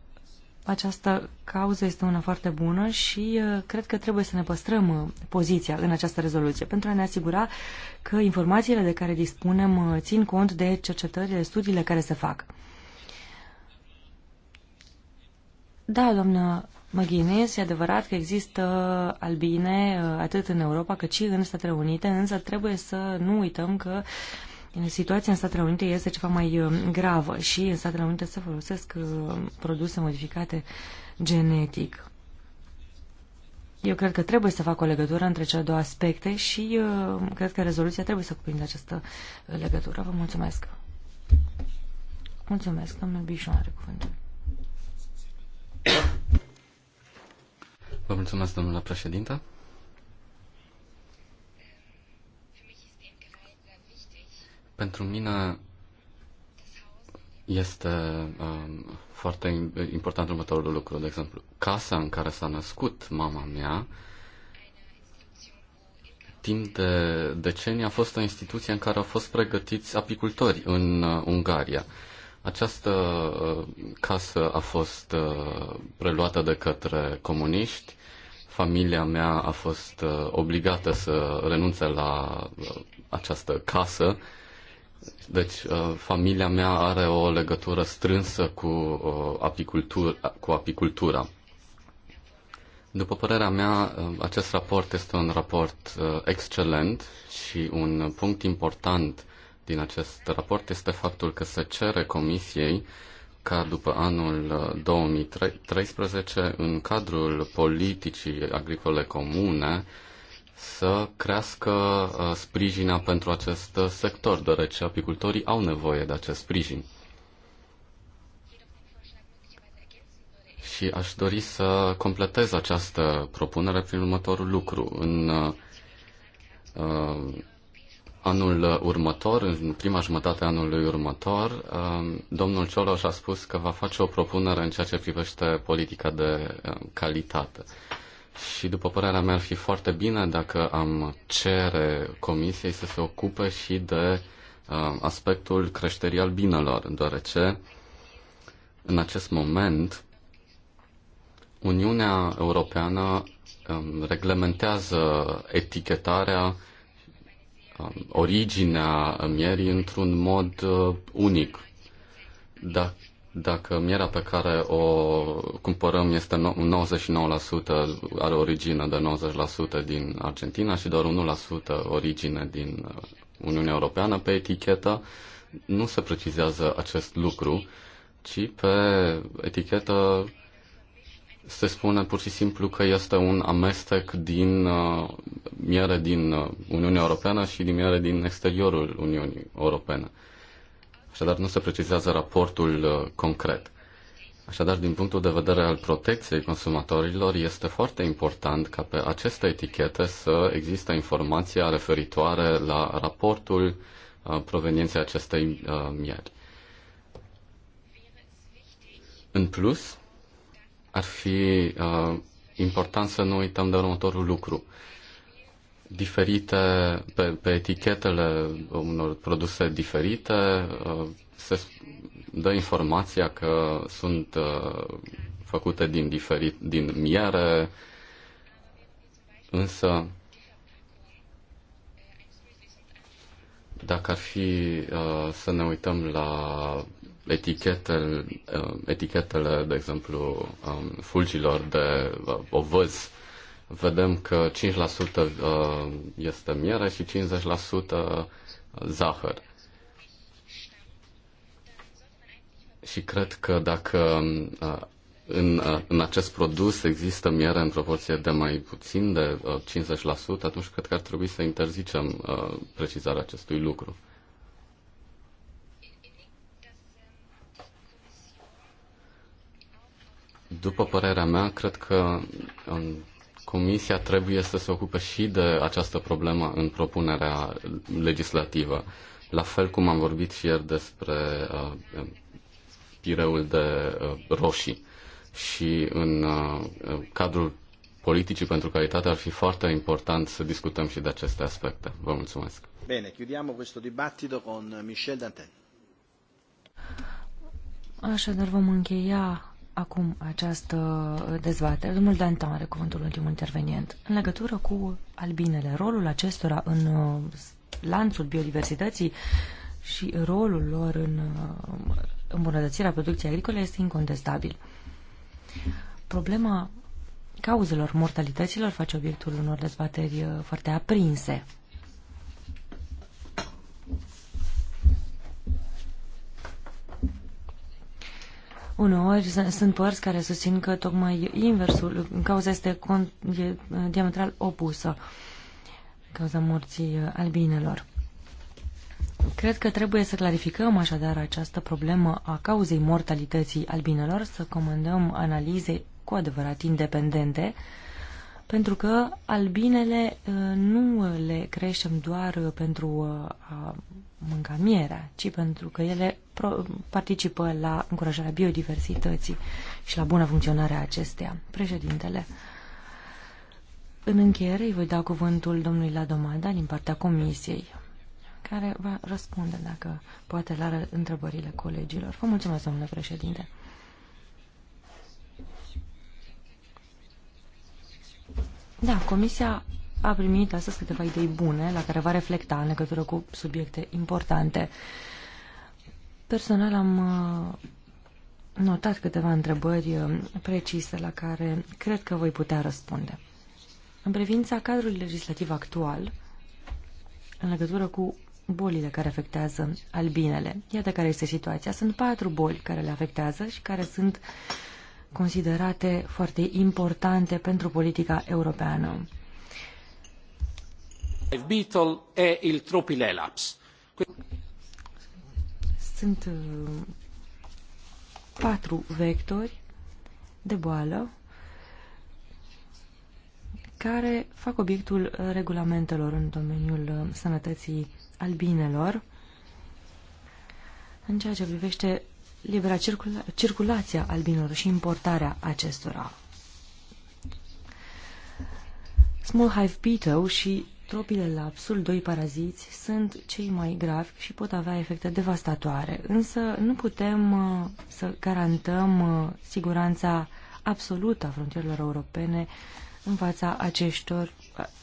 această cauză este una foarte bună și uh, cred că trebuie să ne păstrăm uh, poziția în această rezoluție pentru a ne asigura că informațiile de care dispunem uh, țin cont de cercetările, studiile care se fac. Da, doamnă McGuinness, e adevărat că există albine atât în Europa cât și în Statele Unite, însă trebuie să nu uităm că uh, Situația în Statele Unite este ceva mai uh, gravă și în Statele Unite se folosesc uh, produse modificate genetic. Eu cred că trebuie să fac o legătură între cele două aspecte și uh, cred că rezoluția trebuie să cuprindă această legătură. Vă mulțumesc! Mulțumesc, domnul Bișon are cuvântul. Vă mulțumesc, domnule președinte. Pentru mine este um, foarte important următorul lucru. De exemplu, casa în care s-a născut mama mea, timp de decenii, a fost o instituție în care au fost pregătiți apicultori în uh, Ungaria. Această uh, casă a fost uh, preluată de către comuniști. Familia mea a fost uh, obligată să renunțe la uh, această casă deci, uh, familia mea are o legătură strânsă cu, uh, apicultur, cu apicultura. După părerea mea, uh, acest raport este un raport excelent și un punct important din acest raport este faptul că se cere Comisiei ca după anul 2013, în cadrul politicii agricole comune, să crească uh, sprijina pentru acest uh, sector, deoarece apicultorii au nevoie de acest sprijin. Și aș dori să completez această propunere prin următorul lucru. În uh, anul următor, în prima jumătate a anului următor, uh, domnul Cioloș a spus că va face o propunere în ceea ce privește politica de uh, calitate. Uh, și după părerea mea ar fi foarte bine dacă am cere comisiei să se ocupe și de uh, aspectul creșterii albinelor, deoarece în acest moment Uniunea Europeană um, reglementează etichetarea, um, originea mierii într-un mod uh, unic. Dacă dacă mierea pe care o cumpărăm este 99% are origine de 90% din Argentina și doar 1% origine din uh, Uniunea Europeană, pe etichetă nu se precizează acest lucru, ci pe etichetă se spune pur și simplu că este un amestec din uh, miere din uh, Uniunea Europeană și din miere din exteriorul Uniunii Europene. Așadar, nu se precizează raportul uh, concret. Așadar, din punctul de vedere al protecției consumatorilor, este foarte important ca pe aceste etichete să există informația referitoare la raportul uh, provenienței acestei uh, mieri. În plus, ar fi important să nu uităm de următorul lucru. Uh, diferite, pe, pe etichetele unor produse diferite uh, se dă informația că sunt uh, făcute din, diferit, din miere, însă dacă ar fi uh, să ne uităm la etichetele, etichetele de exemplu, um, fulgilor de ovăz vedem că 5% uh, este miere și 50% uh, zahăr. Și cred că dacă uh, în, în acest produs există miere în proporție de mai puțin de 50%, atunci cred că ar trebui să interzicem precizarea acestui lucru. După părerea mea, cred că um, Comisia trebuie să se ocupe și de această problemă în propunerea legislativă. La fel cum am vorbit și ieri despre uh, pireul de uh, roșii și în uh, cadrul politicii pentru calitate ar fi foarte important să discutăm și de aceste aspecte. Vă mulțumesc. Bine, chiudiamo questo dibattito con Michel Dantel. Așadar vom încheia acum această dezbatere. Domnul Dantan are cuvântul ultimul intervenient. În legătură cu albinele, rolul acestora în uh, lanțul biodiversității și rolul lor în uh, îmbunătățirea producției agricole este incontestabil. Problema cauzelor mortalităților face obiectul unor dezbateri uh, foarte aprinse Uneori sunt părți care susțin că tocmai inversul, cauza este con, e, uh, diametral opusă, cauza morții uh, albinelor. Cred că trebuie să clarificăm așadar această problemă a cauzei mortalității albinelor, să comandăm analize cu adevărat independente, pentru că albinele uh, nu le creștem doar pentru a mânca mierea, ci pentru că ele participă la încurajarea biodiversității și la bună funcționare a acesteia. Președintele, în încheiere îi voi da cuvântul domnului Ladomada din partea comisiei, care va răspunde, dacă poate, la întrebările colegilor. Vă mulțumesc, domnule președinte. Da, comisia a primit astăzi câteva idei bune la care va reflecta în legătură cu subiecte importante. Personal am uh, notat câteva întrebări uh, precise la care cred că voi putea răspunde. În privința cadrului legislativ actual, în legătură cu bolile care afectează albinele, iată care este situația. Sunt patru boli care le afectează și care sunt considerate foarte importante pentru politica europeană. Beetle e il Tropilelaps. Sunt uh, patru vectori de boală care fac obiectul regulamentelor în domeniul uh, sănătății albinelor în ceea ce privește libera circula circulația albinelor și importarea acestora. Small Hive Beetle și Tropile lapsul, doi paraziți, sunt cei mai gravi și pot avea efecte devastatoare, însă nu putem uh, să garantăm uh, siguranța absolută a frontierelor europene în fața acestor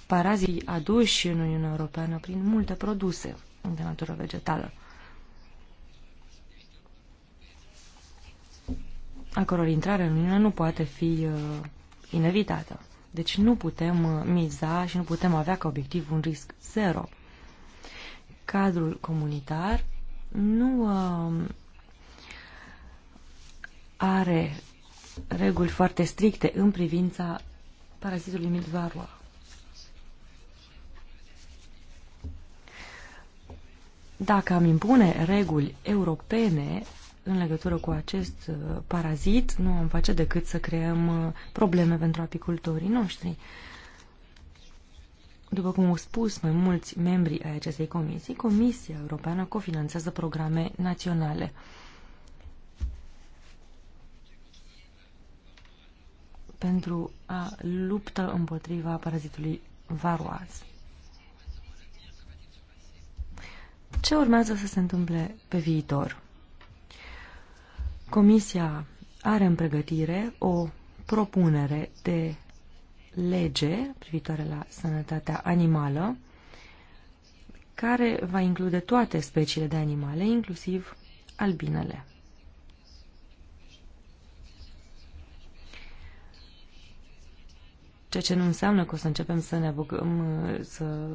parazii aduși în Uniunea Europeană prin multe produse de natură vegetală. a căror intrare în Uniune nu poate fi uh, inevitată. Deci nu putem uh, miza și nu putem avea ca obiectiv un risc zero. Cadrul comunitar nu uh, are reguli foarte stricte în privința parazitului Milvaroa. Dacă am impune reguli europene în legătură cu acest uh, parazit, nu am face decât să creăm uh, probleme pentru apicultorii noștri. După cum au spus mai mulți membri ai acestei comisii, Comisia Europeană cofinanțează programe naționale. pentru a lupta împotriva parazitului varoaz. Ce urmează să se întâmple pe viitor? Comisia are în pregătire o propunere de lege privitoare la sănătatea animală care va include toate speciile de animale, inclusiv albinele. Ceea ce nu înseamnă că o să începem să ne apucăm să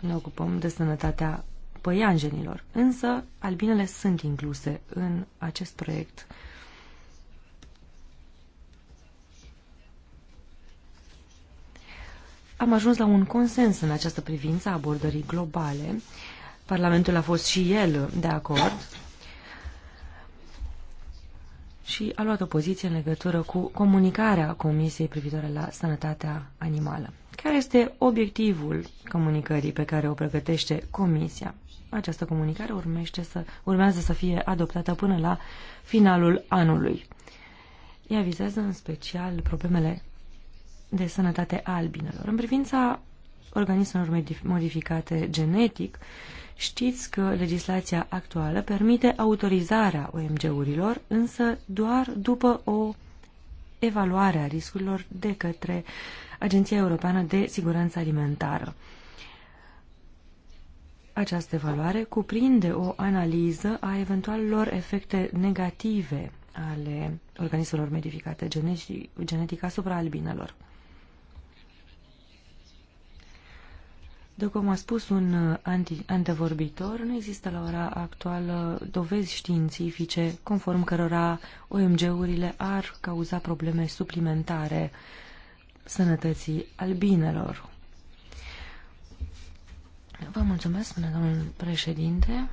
ne ocupăm de sănătatea păianjenilor. Însă, albinele sunt incluse în acest proiect. Am ajuns la un consens în această privință a abordării globale. Parlamentul a fost și el de acord și a luat o poziție în legătură cu comunicarea Comisiei privitoare la sănătatea animală. Care este obiectivul comunicării pe care o pregătește Comisia? Această comunicare urmește să, urmează să fie adoptată până la finalul anului. Ea vizează în special problemele de sănătate a albinelor. În privința organismelor modificate genetic, știți că legislația actuală permite autorizarea OMG-urilor, însă doar după o evaluare a riscurilor de către Agenția Europeană de Siguranță Alimentară. Această evaluare cuprinde o analiză a eventualelor efecte negative ale organismelor modificate genetic, asupra albinelor. După cum a spus un uh, anti, antevorbitor, nu există la ora actuală dovezi științifice conform cărora OMG-urile ar cauza probleme suplimentare sănătății albinelor. Vă mulțumesc, domnul președinte.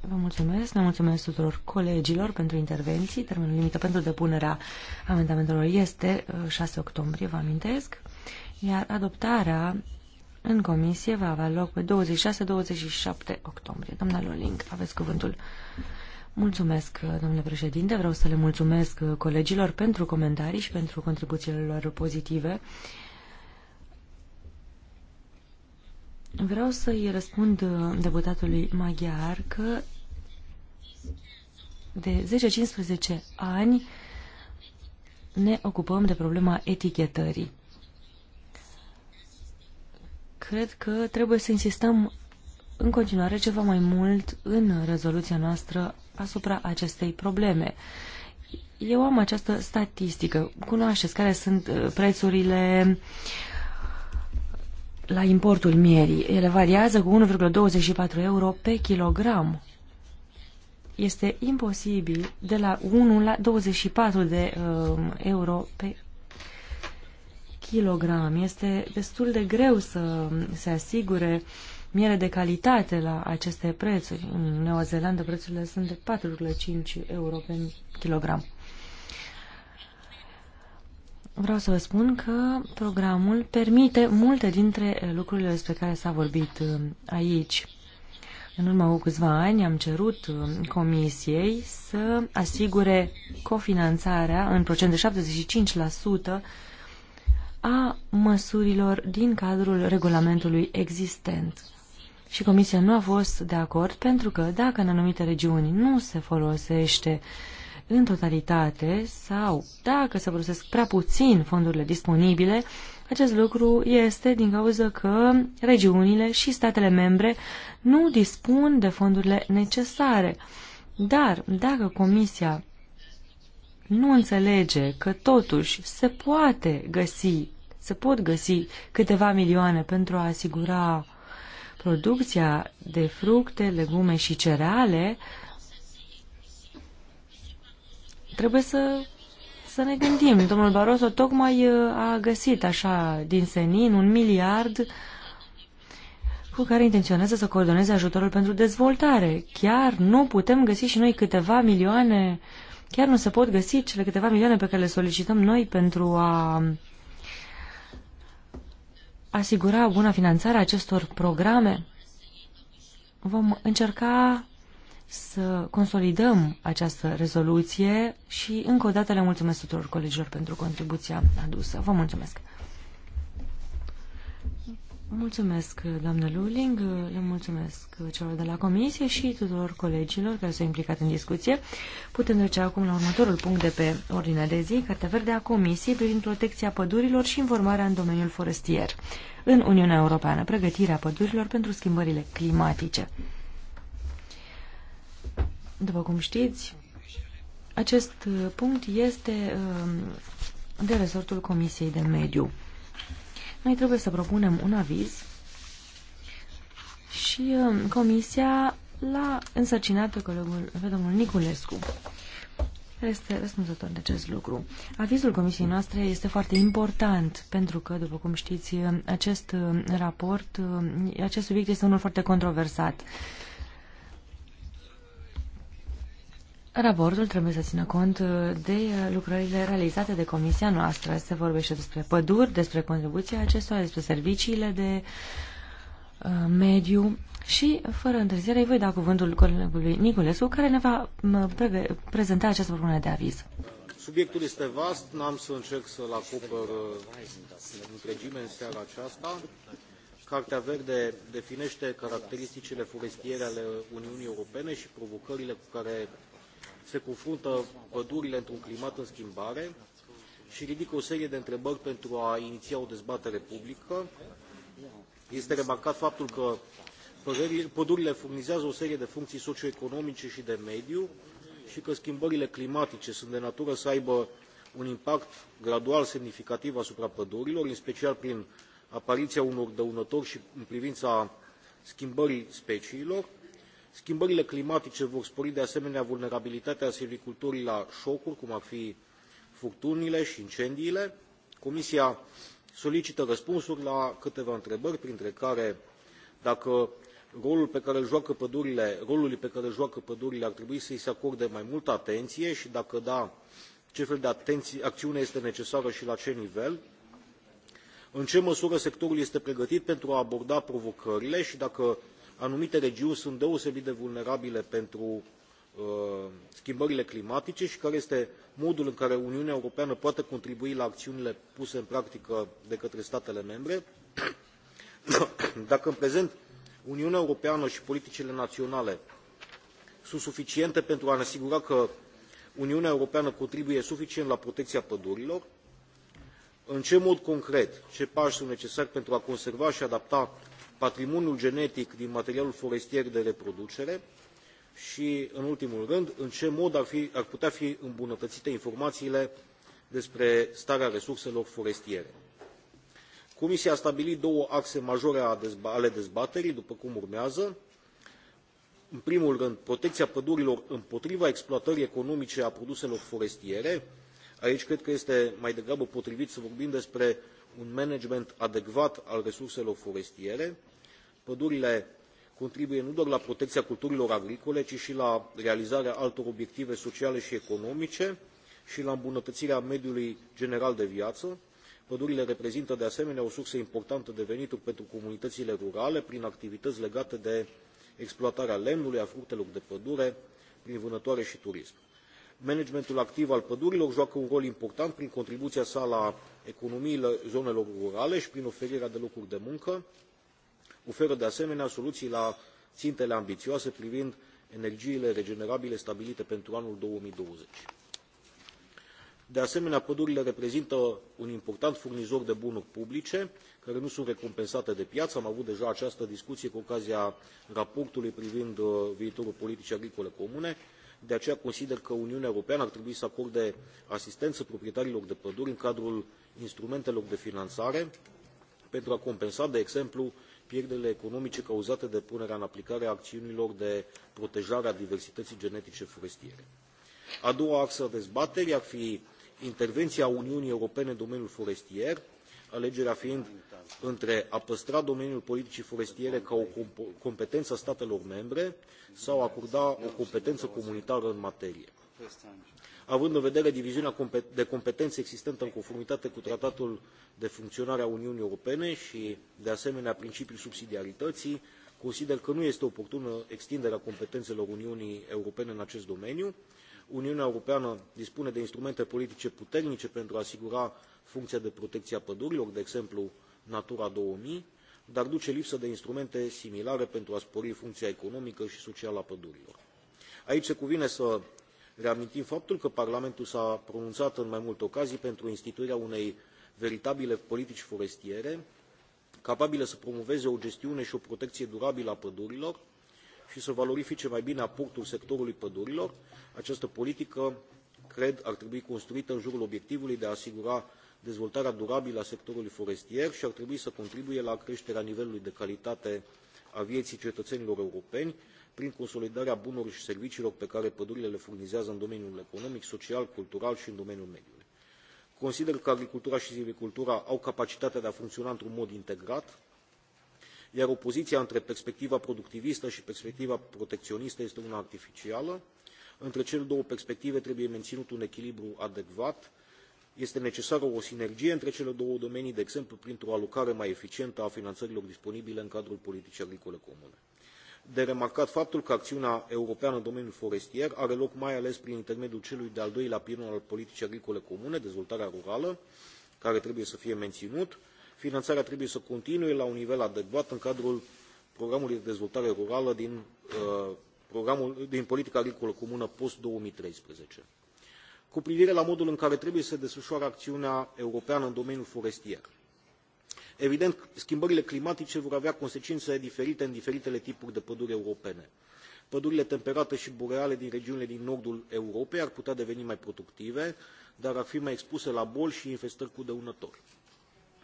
Vă mulțumesc, ne mulțumesc tuturor colegilor pentru intervenții. Termenul limită pentru depunerea amendamentelor este 6 uh, octombrie, vă amintesc, iar adoptarea în comisie va avea loc pe 26-27 octombrie. Doamna Loling, aveți cuvântul. Mulțumesc, uh, domnule președinte. Vreau să le mulțumesc uh, colegilor pentru comentarii și pentru contribuțiile lor pozitive. Uh, Vreau să-i răspund uh, deputatului maghiar că de 10-15 ani ne ocupăm de problema etichetării. Cred că trebuie să insistăm în continuare ceva mai mult în rezoluția noastră asupra acestei probleme. Eu am această statistică. Cunoașteți care sunt uh, prețurile uh, la importul mierii. Ele variază cu 1,24 euro pe kilogram. Este imposibil de la 1 la 24 de um, euro pe kilogram. Este destul de greu să se asigure miere de calitate la aceste prețuri. În Noua Zeelandă prețurile sunt de 4,5 euro pe kilogram. Vreau să vă spun că programul permite multe dintre lucrurile despre care s-a vorbit uh, aici. În urmă cu câțiva ani am cerut uh, comisiei să asigure cofinanțarea în procent de 75% a măsurilor din cadrul regulamentului existent. Și comisia nu a fost de acord pentru că dacă în anumite regiuni nu se folosește uh, în totalitate sau dacă se folosesc prea puțin fondurile disponibile, acest lucru este din cauza că regiunile și statele membre nu dispun de fondurile necesare. Dar dacă Comisia nu înțelege că totuși se poate găsi, se pot găsi câteva milioane pentru a asigura producția de fructe, legume și cereale, Trebuie să, să ne gândim. Domnul Barroso tocmai uh, a găsit așa din senin un miliard cu care intenționează să coordoneze ajutorul pentru dezvoltare. Chiar nu putem găsi și noi câteva milioane, chiar nu se pot găsi cele câteva milioane pe care le solicităm noi pentru a asigura buna finanțare acestor programe. Vom încerca să consolidăm această rezoluție și încă o dată le mulțumesc tuturor colegilor pentru contribuția adusă. Vă mulțumesc! Mulțumesc, doamnă Luling, le mulțumesc celor de la comisie și tuturor colegilor care s-au implicat în discuție. Putem trece acum la următorul punct de pe ordinea de zi, Cartea Verde a Comisiei privind protecția pădurilor și informarea în domeniul forestier în Uniunea Europeană, pregătirea pădurilor pentru schimbările climatice. După cum știți, acest uh, punct este um, de resortul Comisiei de Mediu. Noi trebuie să propunem un aviz și um, Comisia l-a însărcinat pe, colegul, pe domnul Niculescu este răspunzător de acest lucru. Avizul comisiei noastre este foarte important pentru că, după cum știți, um, acest raport, acest subiect este unul foarte controversat. Raportul trebuie să țină cont uh, de uh, lucrările realizate de comisia noastră. Se vorbește despre păduri, despre contribuția acestora, despre serviciile de uh, mediu și, fără întârziere, îi voi da cuvântul colegului Niculescu, care ne va pre prezenta această propunere de aviz. Subiectul este vast, n-am să încerc să-l acopăr uh, întregime în seara aceasta. Cartea Verde definește caracteristicile forestiere ale Uniunii Europene și provocările cu care se confruntă pădurile într-un climat în schimbare și ridică o serie de întrebări pentru a iniția o dezbatere publică. Este remarcat faptul că pădurile furnizează o serie de funcții socioeconomice și de mediu și că schimbările climatice sunt de natură să aibă un impact gradual semnificativ asupra pădurilor, în special prin apariția unor dăunători și în privința schimbării speciilor Schimbările climatice vor spori de asemenea vulnerabilitatea silviculturii la șocuri, cum ar fi furtunile și incendiile. Comisia solicită răspunsuri la câteva întrebări, printre care dacă rolul pe care îl joacă pădurile, rolului pe care îl joacă pădurile ar trebui să i se acorde mai multă atenție și dacă da, ce fel de atenție, acțiune este necesară și la ce nivel, în ce măsură sectorul este pregătit pentru a aborda provocările și dacă anumite regiuni sunt deosebit de vulnerabile pentru uh, schimbările climatice și care este modul în care Uniunea Europeană poate contribui la acțiunile puse în practică de către statele membre. [COUGHS] Dacă în prezent Uniunea Europeană și politicile naționale sunt suficiente pentru a ne asigura că Uniunea Europeană contribuie suficient la protecția pădurilor, în ce mod concret, ce pași sunt necesari pentru a conserva și adapta patrimoniul genetic din materialul forestier de reproducere și, în ultimul rând, în ce mod ar, fi, ar putea fi îmbunătățite informațiile despre starea resurselor forestiere. Comisia a stabilit două axe majore ale dezbaterii, după cum urmează. În primul rând, protecția pădurilor împotriva exploatării economice a produselor forestiere. Aici cred că este mai degrabă potrivit să vorbim despre un management adecvat al resurselor forestiere pădurile contribuie nu doar la protecția culturilor agricole, ci și la realizarea altor obiective sociale și economice și la îmbunătăirea mediului general de viață. Pădurile reprezintă de asemenea o sursă importantă de venituri pentru comunitățile rurale prin activități legate de exploatarea lemnului, a fructelor de pădure, prin vânătoare și turism. Managementul activ al pădurilor joacă un rol important prin contribuția sa la economiile zonelor rurale și prin oferirea de locuri de muncă, oferă de asemenea soluții la țintele ambițioase privind energiile regenerabile stabilite pentru anul 2020. De asemenea, pădurile reprezintă un important furnizor de bunuri publice, care nu sunt recompensate de piață. Am avut deja această discuție cu ocazia raportului privind uh, viitorul politicii agricole comune. De aceea consider că Uniunea Europeană ar trebui să acorde asistență proprietarilor de păduri în cadrul instrumentelor de finanțare pentru a compensa, de exemplu, pierderile economice cauzate de punerea în aplicare a acțiunilor de protejare a diversității genetice forestiere. A doua axă a dezbaterii ar fi intervenția Uniunii Europene în domeniul forestier, alegerea fiind între a păstra domeniul politicii forestiere ca o competență a statelor membre sau a acorda o competență comunitară în materie având în vedere diviziunea de competențe existentă în conformitate cu Tratatul de funcționare a Uniunii Europene și, de asemenea, principiul subsidiarității, consider că nu este oportună extinderea competențelor Uniunii Europene în acest domeniu. Uniunea Europeană dispune de instrumente politice puternice pentru a asigura funcția de protecție a pădurilor, de exemplu Natura 2000, dar duce lipsă de instrumente similare pentru a spori funcția economică și socială a pădurilor. Aici se cuvine să reamintim faptul că Parlamentul s-a pronunțat în mai multe ocazii pentru instituirea unei veritabile politici forestiere, capabile să promoveze o gestiune și o protecție durabilă a pădurilor și să valorifice mai bine aportul sectorului pădurilor. Această politică, cred, ar trebui construită în jurul obiectivului de a asigura dezvoltarea durabilă a sectorului forestier și ar trebui să contribuie la creșterea nivelului de calitate a vieții cetățenilor europeni, prin consolidarea bunurilor și serviciilor pe care pădurile le furnizează în domeniul economic, social, cultural și în domeniul mediului. Consider că agricultura și silvicultura au capacitatea de a funcționa într-un mod integrat, iar opoziția între perspectiva productivistă și perspectiva protecționistă este una artificială. Între cele două perspective trebuie menținut un echilibru adecvat. Este necesară o sinergie între cele două domenii, de exemplu printr-o alocare mai eficientă a finanțărilor disponibile în cadrul politicii agricole comune de remarcat faptul că acțiunea europeană în domeniul forestier are loc mai ales prin intermediul celui de-al doilea pilon al politicii agricole comune, dezvoltarea rurală, care trebuie să fie menținut. Finanțarea trebuie să continue la un nivel adecvat în cadrul programului de dezvoltare rurală din, uh, programul, din politica agricolă comună post-2013. Cu privire la modul în care trebuie să se desfășoare acțiunea europeană în domeniul forestier, Evident, schimbările climatice vor avea consecințe diferite în diferitele tipuri de păduri europene. Pădurile temperate și boreale din regiunile din nordul Europei ar putea deveni mai productive, dar ar fi mai expuse la boli și infestări cu dăunători.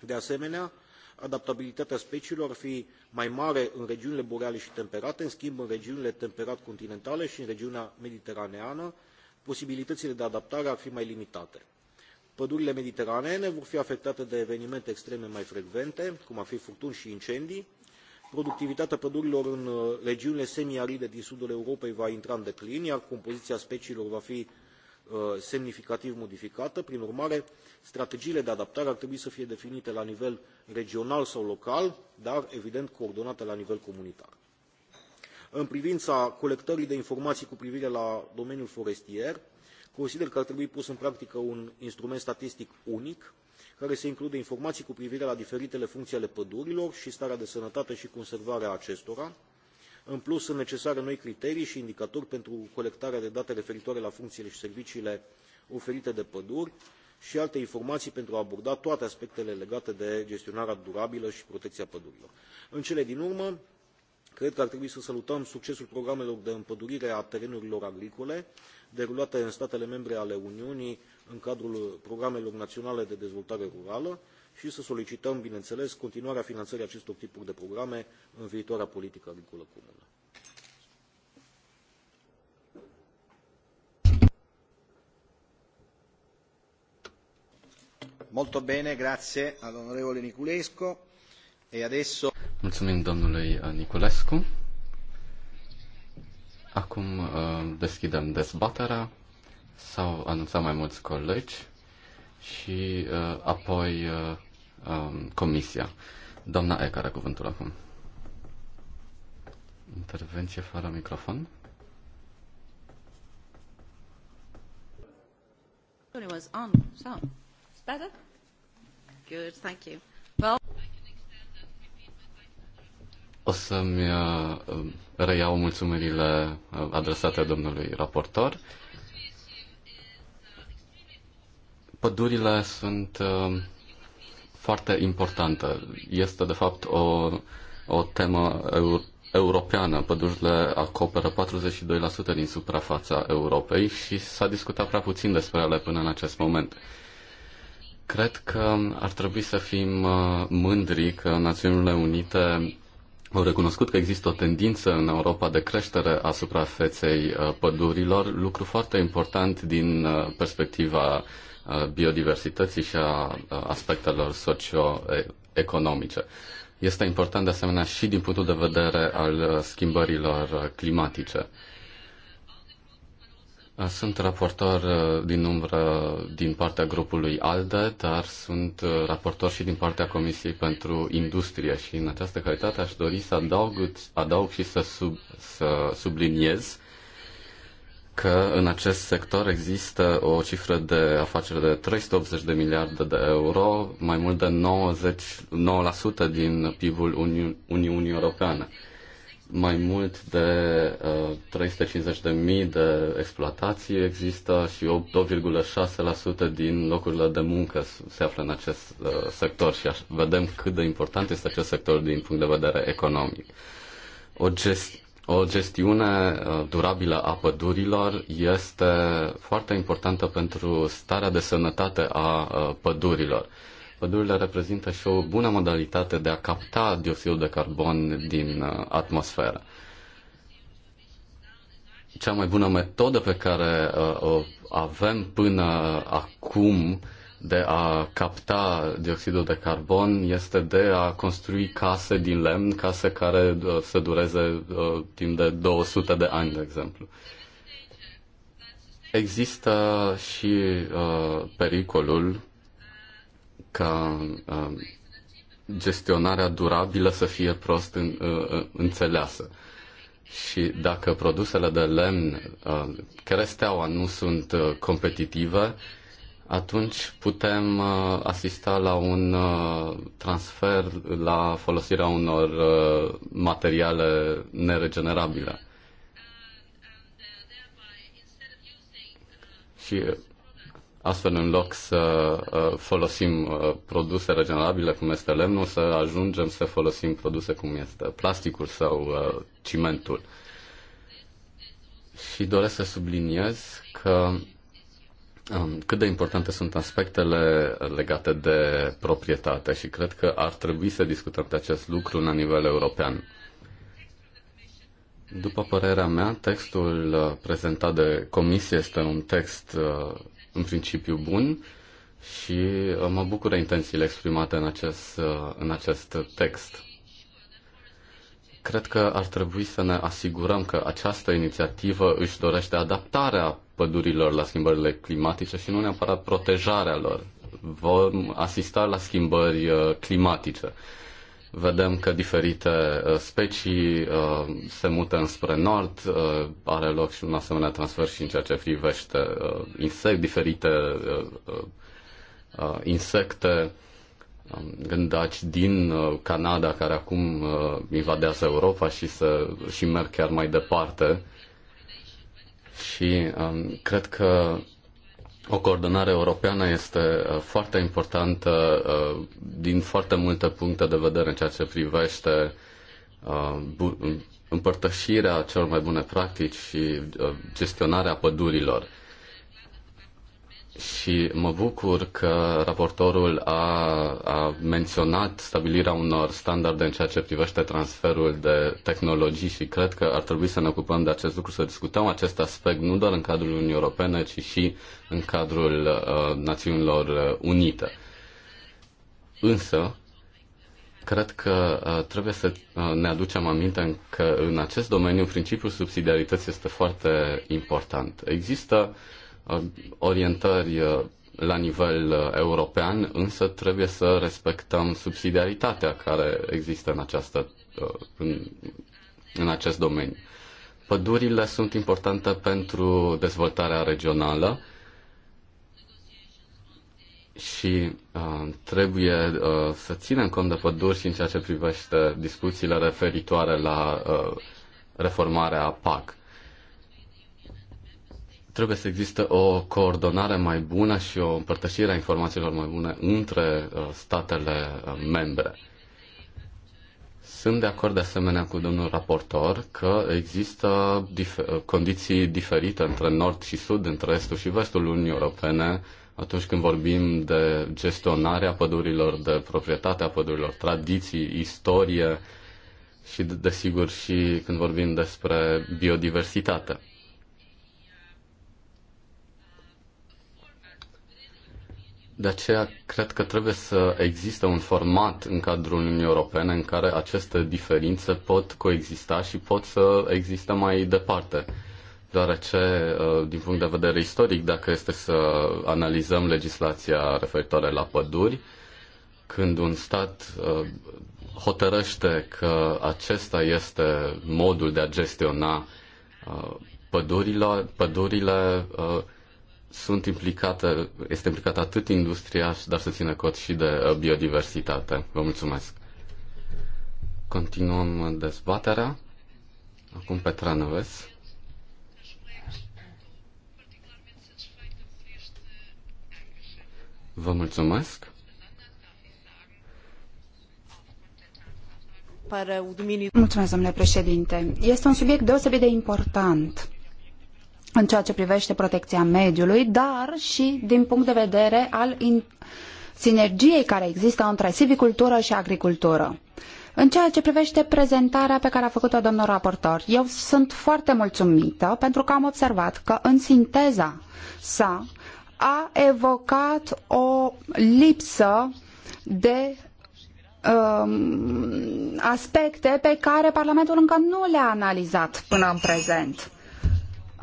De asemenea, adaptabilitatea speciilor ar fi mai mare în regiunile boreale și temperate, în schimb în regiunile temperat-continentale și în regiunea mediteraneană, posibilitățile de adaptare ar fi mai limitate pădurile mediteraneene vor fi afectate de evenimente extreme mai frecvente cum ar fi furtuni și incendii productivitatea pădurilor în uh, regiunile semiaride din sudul europei va intra în declin iar compoziția speciilor va fi uh, semnificativ modificată prin urmare strategiile de adaptare ar trebui să fie definite la nivel regional sau local dar evident coordonate la nivel comunitar. în privința colectării de informații cu privire la domeniul forestier consider că ar trebui pus în practică un instrument statistic unic care să includă informații cu privire la diferitele funcții ale pădurilor și starea de sănătate și conservare a acestora. În plus, sunt necesare noi criterii și indicatori pentru colectarea de date referitoare la funcțiile și serviciile oferite de păduri și alte informații pentru a aborda toate aspectele legate de gestionarea durabilă și protecția pădurilor. În cele din urmă, Cred că ar trebui să salutăm succesul programelor de împădurire a terenurilor agricole, derulate în statele membre ale Uniunii în cadrul programelor naționale de dezvoltare rurală și să solicităm, bineînțeles, continuarea finanțării acestor tipuri de programe în viitoarea politică agricolă comună. Molto bene, grazie all'onorevole Niculesco. E adesso... Mulțumim domnului uh, Niculescu. Acum uh, deschidem dezbaterea. S-au anunțat mai mulți colegi și uh, apoi um, comisia. Doamna E, care cuvântul acum. Intervenție fără microfon. It was on. So, it's better? Good, thank you. O să-mi uh, um, reiau mulțumirile uh, adresate domnului raportor. Pădurile sunt uh, foarte importante. Este, de fapt, o, o temă europeană. Pădurile acoperă 42% din suprafața Europei și s-a discutat prea puțin despre ele până în acest moment. Cred că ar trebui să fim mândri că Națiunile Unite au recunoscut că există o tendință în Europa de creștere a suprafeței uh, pădurilor, lucru foarte important din uh, perspectiva uh, biodiversității și a aspectelor socio-economice. Este important de asemenea și din punctul de vedere al schimbărilor climatice. Sunt raportor din umbră din partea grupului ALDE, dar sunt raportor și din partea Comisiei pentru Industrie și în această calitate aș dori să adaug, adaug și să, sub, să subliniez că în acest sector există o cifră de afaceri de 380 de miliarde de euro, mai mult de 90, 9% din PIB-ul Uni- Uniunii Europeane. Uni mai mult de uh, 350.000 de exploatații există și 8,6% din locurile de muncă se află în acest uh, sector și vedem cât de important este acest sector din punct de vedere economic. O, gest- o gestiune uh, durabilă a pădurilor este foarte importantă pentru starea de sănătate a uh, pădurilor. Uh, Pădurile reprezintă și o bună modalitate de a capta dioxidul de carbon din uh, atmosferă. Cea mai bună metodă pe care uh, o avem până acum de a capta dioxidul de carbon este de a construi case din lemn, case care uh, să dureze timp de 200 de ani, de exemplu. Există și uh, pericolul ca uh, gestionarea durabilă să fie prost în, uh, uh, înțeleasă. Și dacă produsele de lemn, cresteaua, nu sunt competitive, atunci putem asista la un transfer la folosirea unor materiale neregenerabile. Și astfel în loc să uh, folosim uh, produse regenerabile cum este lemnul, să ajungem să folosim produse cum este plasticul sau uh, cimentul. Și doresc să subliniez că um, cât de importante sunt aspectele legate de proprietate și cred că ar trebui să discutăm de acest lucru la nivel european. După părerea mea, textul prezentat de comisie este un text în principiu bun și uh, mă bucură intențiile exprimate în acest, uh, în acest text. Cred că ar trebui să ne asigurăm că această inițiativă își dorește adaptarea pădurilor la schimbările climatice și nu neapărat protejarea lor. Vom asista la schimbări uh, climatice vedem că diferite uh, specii uh, se mută înspre nord, uh, are loc și un asemenea transfer și în ceea ce privește insect, diferite insecte, gândaci din Canada care acum invadează Europa și, să, și merg chiar mai departe. Și um, cred că o coordonare europeană este uh, foarte importantă uh, din foarte multe puncte de vedere în ceea ce privește uh, împărtășirea celor mai bune practici și gestionarea pădurilor și mă bucur că raportorul a, a menționat stabilirea unor standarde în ceea ce privește transferul de tehnologii și cred că ar trebui să ne ocupăm de acest lucru, să discutăm acest aspect nu doar în cadrul Uniunii Europene, ci și în cadrul uh, Națiunilor Unite. Însă, cred că uh, trebuie să uh, ne aducem aminte că în acest domeniu principiul subsidiarității este foarte important. Există uh, Uh, orientări uh, la nivel uh, european, însă trebuie să respectăm subsidiaritatea care există în, această, în, în acest domeniu. Pădurile sunt importante pentru dezvoltarea regională și uh, trebuie uh, să ținem cont de păduri și în ceea ce privește discuțiile referitoare la uh, reformarea PAC. Trebuie să există o coordonare mai bună și o împărtășire a informațiilor mai bune între uh, statele uh, membre. Sunt de acord de asemenea cu domnul raportor că există dif- uh, condiții diferite între nord și sud, între estul și vestul Uniunii Europene, atunci când vorbim de gestionarea pădurilor, de proprietatea pădurilor, tradiții, istorie și, desigur, și când vorbim despre biodiversitate. De aceea, cred că trebuie să existe un format în cadrul Uniunii Europene în care aceste diferențe pot coexista și pot să existe mai departe. Deoarece, uh, din punct de vedere istoric, dacă este să analizăm legislația referitoare la păduri, când un stat uh, hotărăște că acesta este modul de a gestiona uh, pădurile, pădurile sunt implicate, este implicată atât industria, dar se ține cot și de uh, biodiversitate. Vă mulțumesc. Continuăm dezbaterea. Acum pe Tranăves. Vă mulțumesc. Mulțumesc, domnule președinte. Este un subiect deosebit de important în ceea ce privește protecția mediului, dar și din punct de vedere al sinergiei care există între silvicultură și agricultură. În ceea ce privește prezentarea pe care a făcut-o domnul raportor, eu sunt foarte mulțumită pentru că am observat că în sinteza sa a evocat o lipsă de um, aspecte pe care Parlamentul încă nu le-a analizat până în prezent.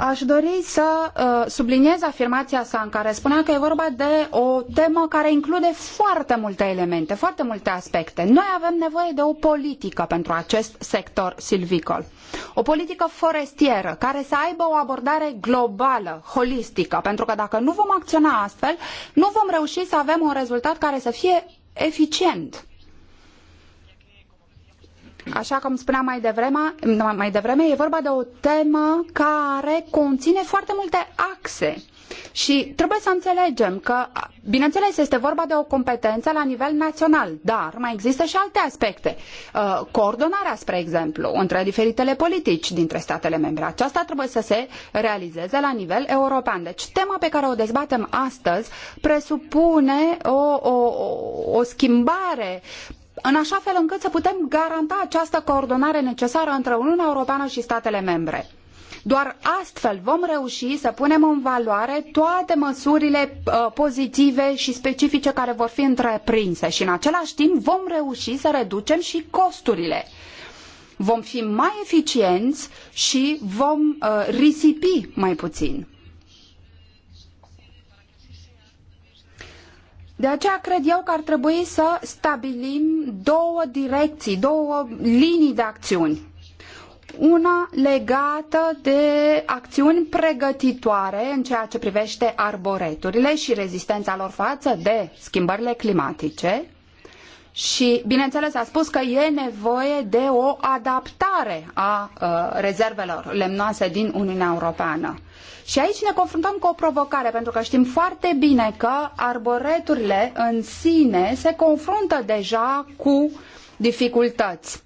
Aș dori să uh, subliniez afirmația sa în care spunea că e vorba de o temă care include foarte multe elemente, foarte multe aspecte. Noi avem nevoie de o politică pentru acest sector silvicol. O politică forestieră care să aibă o abordare globală, holistică, pentru că dacă nu vom acționa astfel, nu vom reuși să avem un rezultat care să fie eficient. Așa cum spuneam mai devreme, mai devreme, e vorba de o temă care conține foarte multe axe. Și trebuie să înțelegem că, bineînțeles, este vorba de o competență la nivel național, dar mai există și alte aspecte. Uh, coordonarea, spre exemplu, între diferitele politici dintre statele membre. Aceasta trebuie să se realizeze la nivel european. Deci, tema pe care o dezbatem astăzi presupune o, o, o schimbare în așa fel încât să putem garanta această coordonare necesară între Uniunea Europeană și statele membre. Doar astfel vom reuși să punem în valoare toate măsurile uh, pozitive și specifice care vor fi întreprinse și în același timp vom reuși să reducem și costurile. Vom fi mai eficienți și vom uh, risipi mai puțin. De aceea cred eu că ar trebui să stabilim două direcții, două linii de acțiuni. Una legată de acțiuni pregătitoare în ceea ce privește arboreturile și rezistența lor față de schimbările climatice, și, bineînțeles, a spus că e nevoie de o adaptare a uh, rezervelor lemnoase din Uniunea Europeană. Și aici ne confruntăm cu o provocare, pentru că știm foarte bine că arboreturile în sine se confruntă deja cu dificultăți.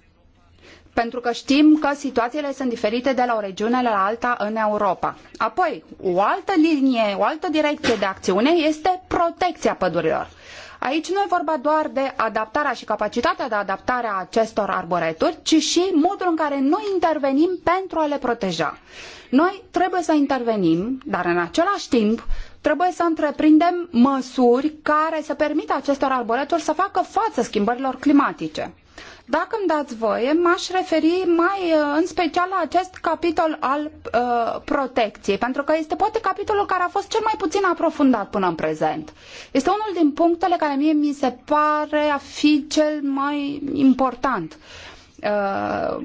Pentru că știm că situațiile sunt diferite de la o regiune la alta în Europa. Apoi, o altă linie, o altă direcție de acțiune este protecția pădurilor. Aici nu e vorba doar de adaptarea și capacitatea de adaptare a acestor arboreturi, ci și modul în care noi intervenim pentru a le proteja. Noi trebuie să intervenim, dar în același timp trebuie să întreprindem măsuri care să permită acestor arboreturi să facă față schimbărilor climatice. Dacă îmi dați voie, m-aș referi mai uh, în special la acest capitol al uh, protecției, pentru că este poate capitolul care a fost cel mai puțin aprofundat până în prezent. Este unul din punctele care mie mi se pare a fi cel mai important. Uh,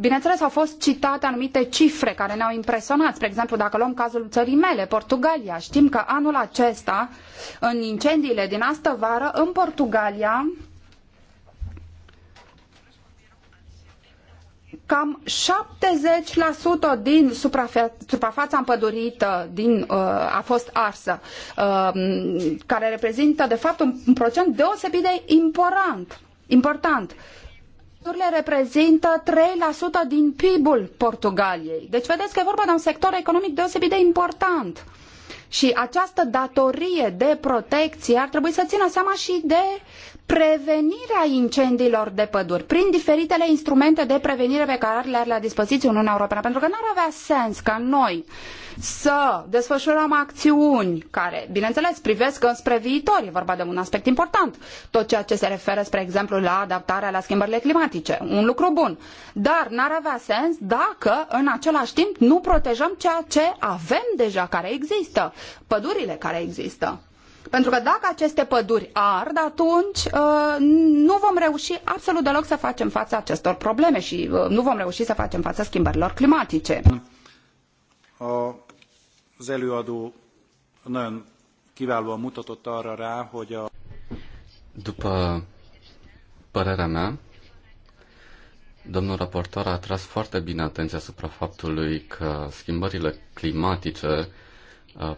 bineînțeles, au fost citate anumite cifre care ne-au impresionat. Spre exemplu, dacă luăm cazul țării mele, Portugalia, știm că anul acesta, în incendiile din astă vară, în Portugalia, cam 70% din suprafața împădurită din, uh, a fost arsă, uh, care reprezintă, de fapt, un, un procent deosebit de important. important. Porturile reprezintă 3% din PIB-ul Portugaliei. Deci vedeți că e vorba de un sector economic deosebit de important. Și această datorie de protecție ar trebui să țină seama și de prevenirea incendiilor de păduri prin diferitele instrumente de prevenire pe care le are la dispoziție Uniunea Europeană. Pentru că nu ar avea sens ca noi să desfășurăm acțiuni care, bineînțeles, privesc înspre viitor. E vorba de un aspect important. Tot ceea ce se referă, spre exemplu, la adaptarea la schimbările climatice. Un lucru bun. Dar n-ar avea sens dacă, în același timp, nu protejăm ceea ce avem deja, care există. Pădurile care există. Pentru că dacă aceste păduri ard, atunci uh, nu vom reuși absolut deloc să facem față acestor probleme și uh, nu vom reuși să facem față schimbărilor climatice. Uh, După părerea mea, Domnul raportor a tras foarte bine atenția asupra faptului că schimbările climatice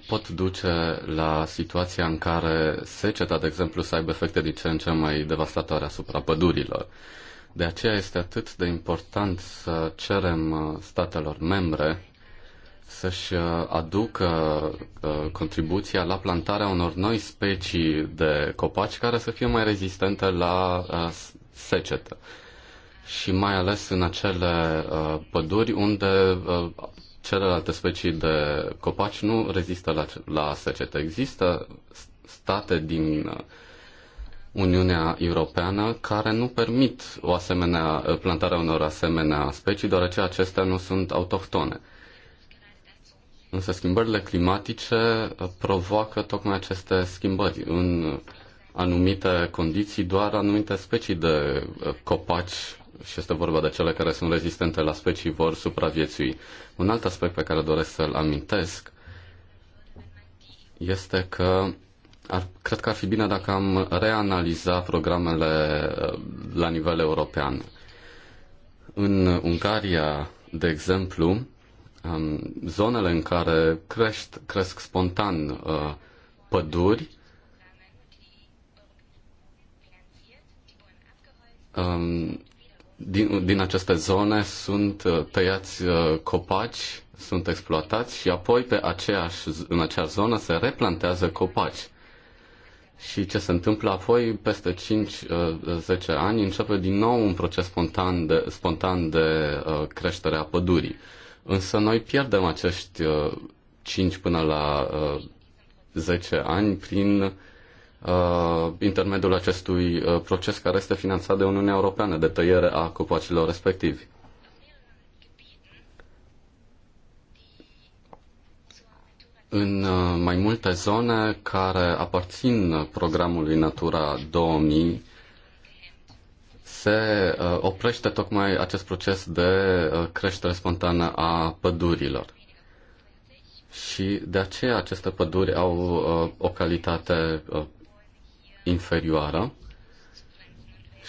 pot duce la situația în care seceta, de exemplu, să aibă efecte din ce în ce mai devastatoare asupra pădurilor. De aceea este atât de important să cerem uh, statelor membre să-și uh, aducă uh, contribuția la plantarea unor noi specii de copaci care să fie mai rezistente la secetă. Și mai ales în acele păduri unde celelalte specii de copaci nu rezistă la, la secetă. Există state din uh, Uniunea Europeană care nu permit o asemenea uh, plantarea unor asemenea specii, deoarece acestea nu sunt autohtone. Însă schimbările climatice uh, provoacă tocmai aceste schimbări. În anumite condiții, doar anumite specii de copaci și este vorba de cele care sunt rezistente la specii, vor supraviețui. Un alt aspect pe care doresc să-l amintesc este că ar, cred că ar fi bine dacă am reanaliza programele uh, la nivel european. În Ungaria, de exemplu, um, zonele în care crești, cresc spontan uh, păduri um, din, din aceste zone sunt uh, tăiați uh, copaci, sunt exploatați și apoi pe aceeași, în acea zonă se replantează copaci. Și ce se întâmplă apoi, peste 5-10 uh, ani, începe din nou un proces spontan de, spontan de creștere a pădurii. Însă noi pierdem acești 5 până la 10 ani prin uh, intermediul acestui uh, proces care este finanțat de Uniunea Europeană de tăiere a copacilor respectivi. În uh, mai multe zone care aparțin programului Natura 2000 se uh, oprește tocmai acest proces de uh, creștere spontană a pădurilor. Și de aceea aceste păduri au uh, o calitate uh, inferioară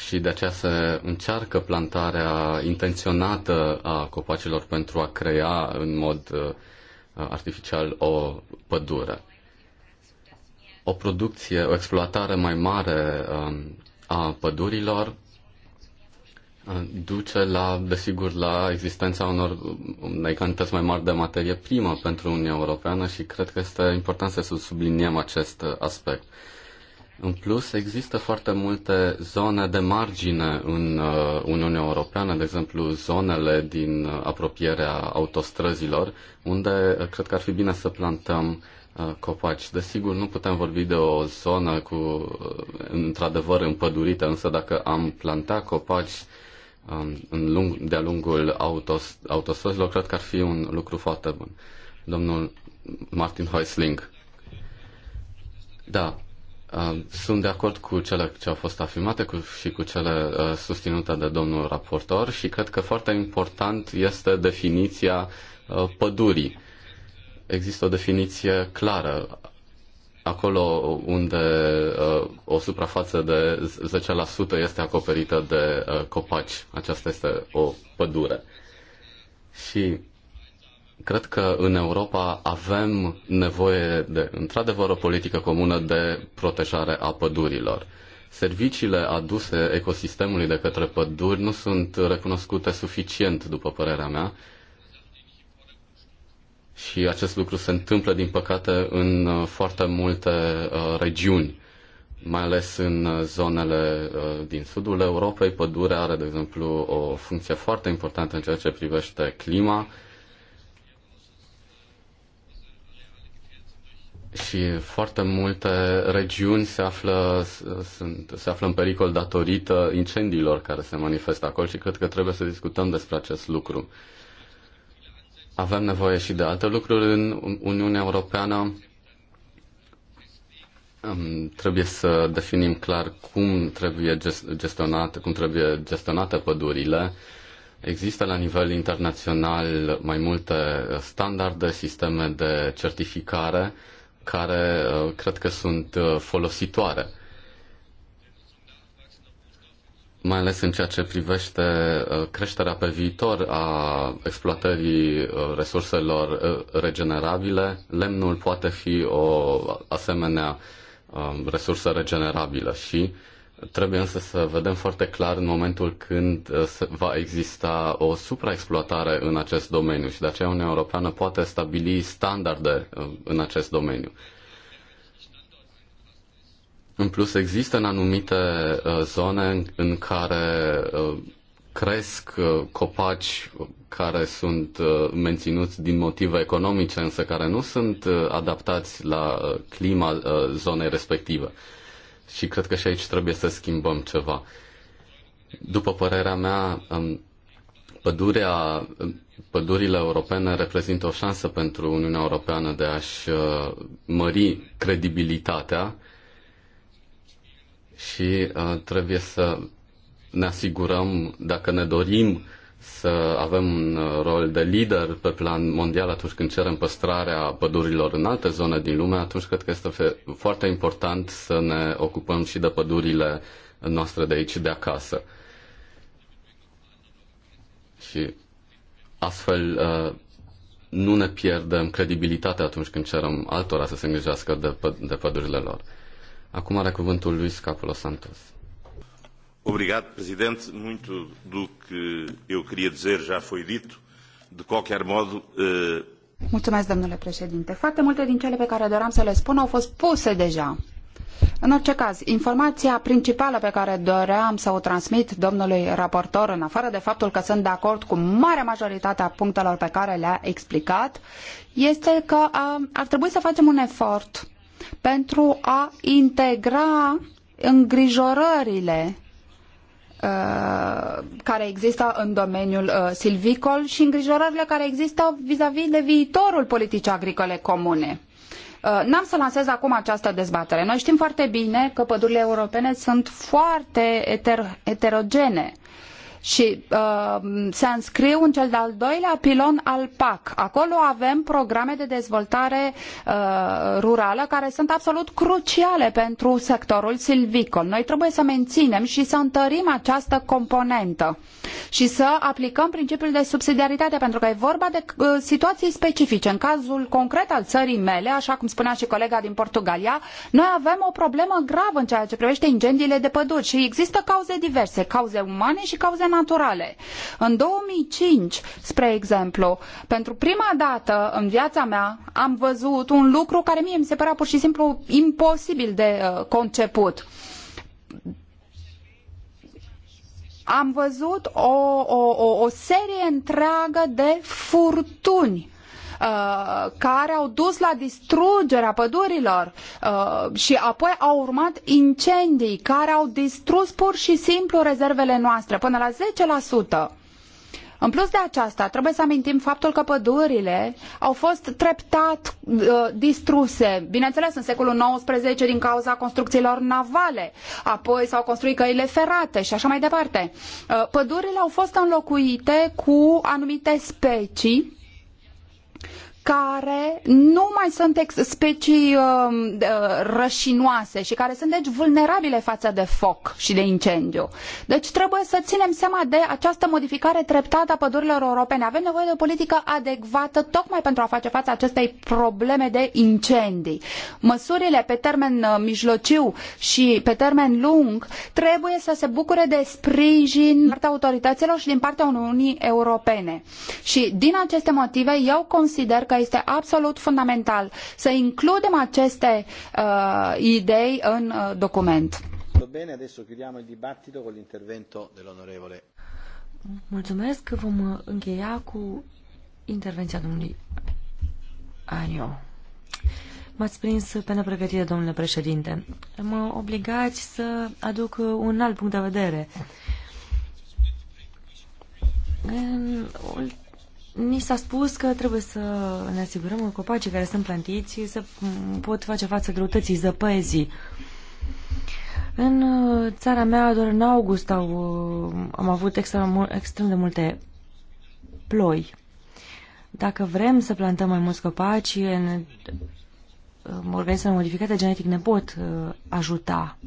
și de aceea se încearcă plantarea intenționată a copacilor pentru a crea în mod uh, artificial o pădure. O producție, o exploatare mai mare um, a pădurilor uh, duce la, desigur, la existența unor, unei cantități mai mari de materie primă pentru Uniunea Europeană și cred că este important să subliniem acest aspect. În plus, există foarte multe zone de margine în uh, Uniunea Europeană, de exemplu zonele din uh, apropierea autostrăzilor, unde uh, cred că ar fi bine să plantăm copaci. Desigur, nu putem vorbi de o zonă cu, într-adevăr, împădurită, însă dacă am planta copaci um, în lung, de-a lungul autos, autostrăzilor, cred că ar fi un lucru foarte bun. Domnul Martin Heusling. Da, Um, sunt de acord cu cele ce au fost afirmate cu, și cu cele uh, susținute de domnul raportor și cred că foarte important este definiția uh, pădurii. Există o definiție clară. Acolo unde uh, o suprafață de 10% este acoperită de copaci, aceasta este o pădure. Și Cred că în Europa avem nevoie de, într-adevăr, o politică comună de protejare a pădurilor. Serviciile aduse ecosistemului de către păduri nu sunt recunoscute suficient, după părerea mea, și acest lucru se întâmplă, din păcate, în uh, foarte multe uh, regiuni, mai ales în uh, zonele din sudul Europei. Pădurea are, de exemplu, o funcție foarte importantă în ceea ce privește clima, și foarte multe regiuni se află, sunt, se află în pericol datorită incendiilor care se manifestă acolo și cred că trebuie să discutăm despre acest lucru. Avem nevoie și de alte lucruri în Uniunea Europeană. Trebuie să definim clar cum trebuie gestionate, cum trebuie gestionate pădurile. Există la nivel internațional mai multe standarde, sisteme de certificare care uh, cred că sunt uh, folositoare. Mai ales în ceea ce privește uh, creșterea pe viitor a exploatării resurselor regenerabile, lemnul poate fi o asemenea um, resursă regenerabilă și uh, Trebuie însă să vedem foarte clar în momentul când uh, va exista o supraexploatare în acest domeniu și de aceea Uniunea Europeană poate stabili standarde uh, în acest domeniu. În plus, există în anumite uh, zone în care cresc copaci care sunt menținuți din motive economice, însă care nu sunt adaptați la clima zonei respective și cred că și aici trebuie să schimbăm ceva. După părerea mea, um, pădurea, um, pădurile europene reprezintă o șansă pentru Uniunea Europeană de a-și uh, mări credibilitatea și uh, trebuie să ne asigurăm, dacă ne dorim să avem un uh, rol de lider pe plan mondial atunci când cerem păstrarea pădurilor în alte zone din lume, atunci cred că este foarte important să ne ocupăm și de pădurile noastre de aici, de acasă. Și astfel uh, nu ne pierdem credibilitatea atunci când cerem altora să se îngrijească de, de pădurile lor. Acum are cuvântul lui Scapulo Santos. Obrigado, Presidente. Muito do que eu queria dizer já foi dito. De qualquer modo. Eh, Mulțumesc, domnule președinte. Foarte multe din cele pe care doream să le spun au fost puse deja. În orice caz, informația principală pe care doream să o transmit domnului raportor, în afară de faptul că sunt de acord cu marea majoritate a punctelor pe care le-a explicat, este că uh, ar trebui să facem un efort pentru a integra îngrijorările Uh, care există în domeniul uh, silvicol și îngrijorările care există vizavi de viitorul politicii agricole comune. Uh, n-am să lansez acum această dezbatere. Noi știm foarte bine că pădurile europene sunt foarte eter- eterogene. Uh, și uh, se înscriu în cel de-al doilea pilon al PAC. Acolo avem programe de dezvoltare uh, rurală care sunt absolut cruciale pentru sectorul silvicol. Noi trebuie să menținem și să întărim această componentă și să aplicăm principiul de subsidiaritate, pentru că e vorba de uh, situații specifice. În cazul concret al țării mele, așa cum spunea și colega din Portugalia, noi avem o problemă gravă în ceea ce privește incendiile de păduri și există cauze diverse, cauze umane și cauze naturale. În 2005, spre exemplu, pentru prima dată în viața mea am văzut un lucru care mie mi se părea pur și simplu imposibil de uh, conceput am văzut o, o, o, o serie întreagă de furtuni Uh, care au dus la distrugerea pădurilor uh, și apoi au urmat incendii care au distrus pur și simplu rezervele noastre până la 10%. În plus de aceasta, trebuie să amintim faptul că pădurile au fost treptat uh, distruse. Bineînțeles, în secolul XIX din cauza construcțiilor navale, apoi s-au construit căile ferate și așa mai departe. Uh, pădurile au fost înlocuite cu anumite specii care nu mai sunt specii um, uh, rășinoase și care sunt deci vulnerabile față de foc și de incendiu. Deci trebuie să ținem seama de această modificare treptată a pădurilor europene. Avem nevoie de o politică adecvată tocmai pentru a face față acestei probleme de incendii. Măsurile pe termen uh, mijlociu și pe termen lung trebuie să se bucure de sprijin din partea autorităților și din partea Uniunii Europene. Și din aceste motive eu consider că este absolut fundamental să includem aceste uh, idei în uh, document. Bine, adesso chiudiamo il dibattito con l'intervento dell'onorevole. Mulțumesc, vom uh, încheia cu intervenția domnului Anio. M-ați prins pe nepregătire, domnule președinte. Mă obligați să aduc un alt punct de vedere. În Ni s-a spus că trebuie să ne asigurăm că copacii care sunt plantiți să pot face față greutății zăpezii. În uh, țara mea, doar în august au, uh, am avut extrem, extrem de multe ploi. Dacă vrem să plantăm mai mulți copaci, în, uh, organismele modificate genetic ne pot ajuta.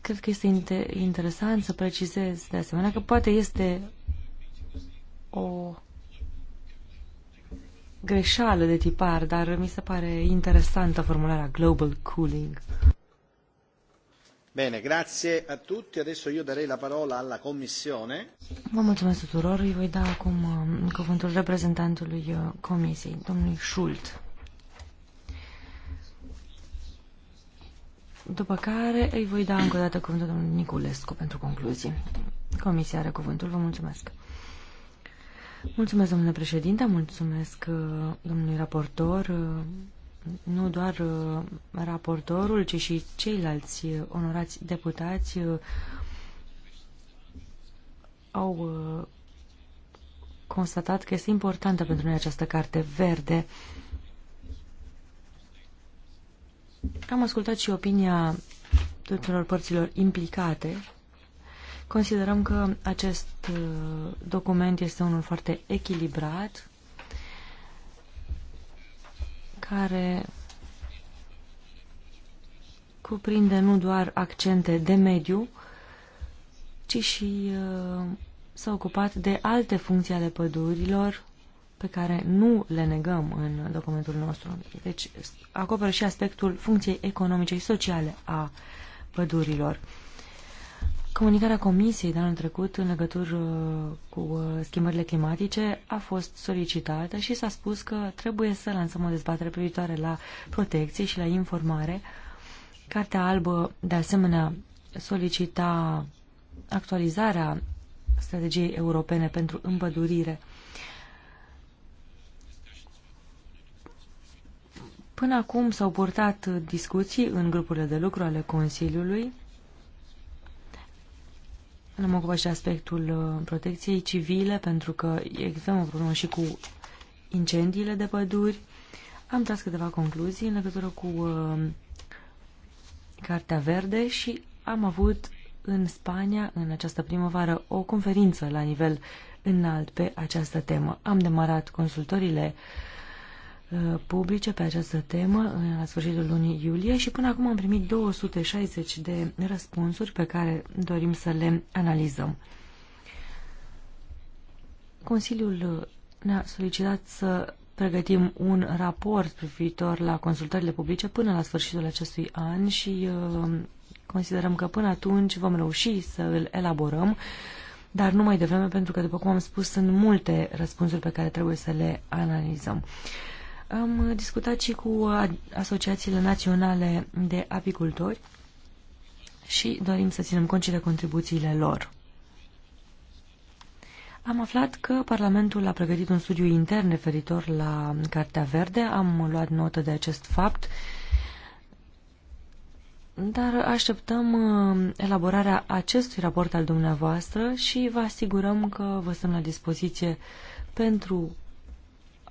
Cred că este inter interesant să precizez de asemenea că poate este o greșeală de tipar, dar mi se pare interesantă formularea global cooling. Bene, grazie a tutti. Adesso io darei la parola alla Commissione. Vă mulțumesc tuturor. Îi voi da acum uh, cuvântul reprezentantului uh, Comisiei, domnului Schult. După care îi voi da încă o dată cuvântul domnului Niculescu pentru concluzii. Comisia are cuvântul. Vă mulțumesc. Mulțumesc, domnule președinte, mulțumesc uh, domnului raportor, uh, nu doar uh, raportorul, ci și ceilalți onorați deputați au constatat că este importantă pentru noi această carte verde. Am ascultat și opinia tuturor părților implicate Considerăm că acest uh, document este unul foarte echilibrat, care cuprinde nu doar accente de mediu, ci și uh, s-a ocupat de alte funcții ale pădurilor pe care nu le negăm în documentul nostru. Deci acoperă și aspectul funcției economice și sociale a pădurilor. Comunicarea Comisiei de anul trecut în legătură cu uh, schimbările climatice a fost solicitată și s-a spus că trebuie să lansăm o dezbatere privitoare la protecție și la informare. Cartea albă, de asemenea, solicita actualizarea strategiei europene pentru împădurire. Până acum s-au purtat discuții în grupurile de lucru ale Consiliului nu mă ocupă și aspectul uh, protecției civile, pentru că există o problemă și cu incendiile de păduri. Am tras câteva concluzii în legătură cu uh, Cartea Verde și am avut în Spania, în această primăvară, o conferință la nivel înalt pe această temă. Am demarat consultările uh, Uh, publice pe această temă uh, la sfârșitul lunii iulie și până acum am primit 260 de răspunsuri pe care dorim să le analizăm. Consiliul ne-a solicitat să pregătim un raport privitor la consultările publice până la sfârșitul acestui an și uh, considerăm că până atunci vom reuși să îl elaborăm, dar nu mai devreme pentru că, după cum am spus, sunt multe răspunsuri pe care trebuie să le analizăm. Am discutat și cu asociațiile naționale de apicultori și dorim să ținem cont și de contribuțiile lor. Am aflat că Parlamentul a pregătit un studiu intern referitor la Cartea Verde. Am luat notă de acest fapt, dar așteptăm uh, elaborarea acestui raport al dumneavoastră și vă asigurăm că vă stăm la dispoziție pentru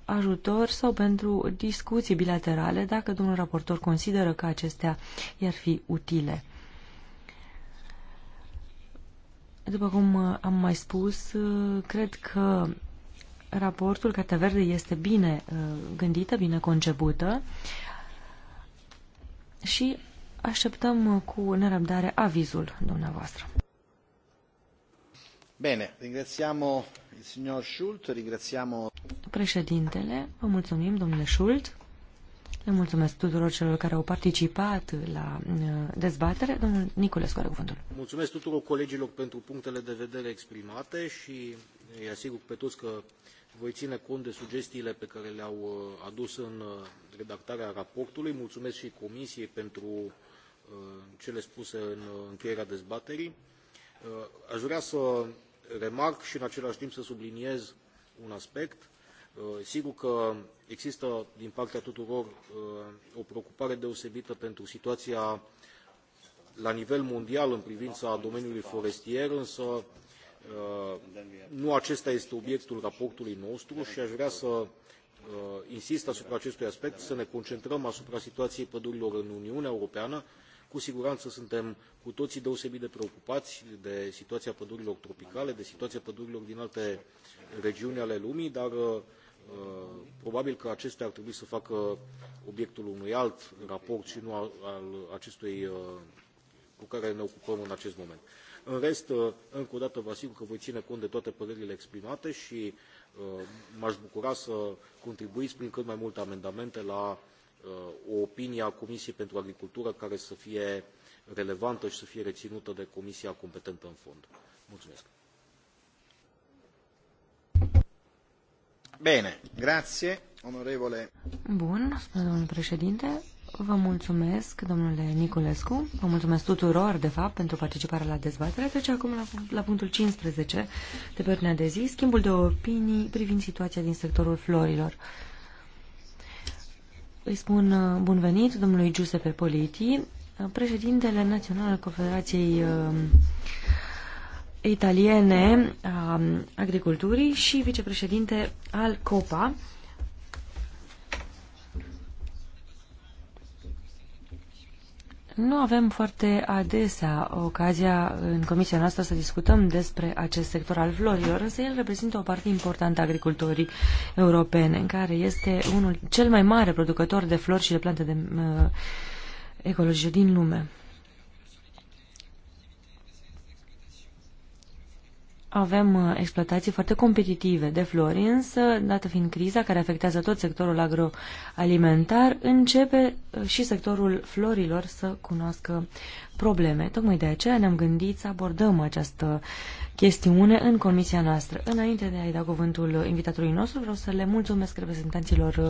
ajutor sau pentru discuții bilaterale, dacă domnul raportor consideră că acestea i-ar fi utile. După cum uh, am mai spus, uh, cred că raportul Cartea Verde este bine uh, gândită, bine concepută și așteptăm cu nerăbdare avizul dumneavoastră. Bine, ringrațiamo Președintele, vă mulțumim, domnule Schult. Le mulțumesc tuturor celor care au participat la uh, dezbatere. Domnul Niculescu are cuvântul. Mulțumesc tuturor colegilor pentru punctele de vedere exprimate și îi asigur pe toți că voi ține cont de sugestiile pe care le-au uh, adus în uh, redactarea raportului. Mulțumesc și Comisiei pentru cele spuse în încheierea dezbaterii. Aș vrea să remarc și în același timp să subliniez un aspect. Uh, sigur că există din partea tuturor uh, o preocupare deosebită pentru situația la nivel mondial în privința domeniului forestier, însă uh, nu acesta este obiectul raportului nostru și aș vrea să insist asupra acestui aspect, să ne concentrăm asupra situației pădurilor în Uniunea Europeană cu siguranță suntem cu toții deosebit de preocupați de situația pădurilor tropicale, de situația pădurilor din alte regiuni ale lumii, dar uh, probabil că acestea ar trebui să facă obiectul unui alt raport și nu al, al acestui uh, cu care ne ocupăm în acest moment. În rest, uh, încă o dată vă asigur că voi ține cont de toate părerile exprimate și m-aș bucura să contribuiți prin cât mai multe amendamente la Uh, o opinie a Comisiei pentru Agricultură care să fie relevantă și să fie reținută de Comisia competentă în fond. Mulțumesc. Bine, grazie, onorevole. Bun, spune domnul președinte. Vă mulțumesc, domnule Niculescu. Vă mulțumesc tuturor, de fapt, pentru participarea la dezbatere. Trece acum la, la punctul 15 de pe ordinea de zi, schimbul de opinii privind situația din sectorul florilor. Îi spun uh, bun venit domnului Giuseppe Politi, uh, președintele Național al Confederației uh, Italiene a Agriculturii și vicepreședinte al COPA, Nu avem foarte adesea ocazia în comisia noastră să discutăm despre acest sector al florilor, însă el reprezintă o parte importantă a agricultorii europene, în care este unul cel mai mare producător de flori și de plante de, uh, ecologice din lume. avem uh, exploatații foarte competitive de flori, însă, dată fiind criza care afectează tot sectorul agroalimentar, începe uh, și sectorul florilor să cunoască probleme. Tocmai de aceea ne-am gândit să abordăm această chestiune în comisia noastră. Înainte de a-i da cuvântul invitatului nostru, vreau să le mulțumesc reprezentanților uh,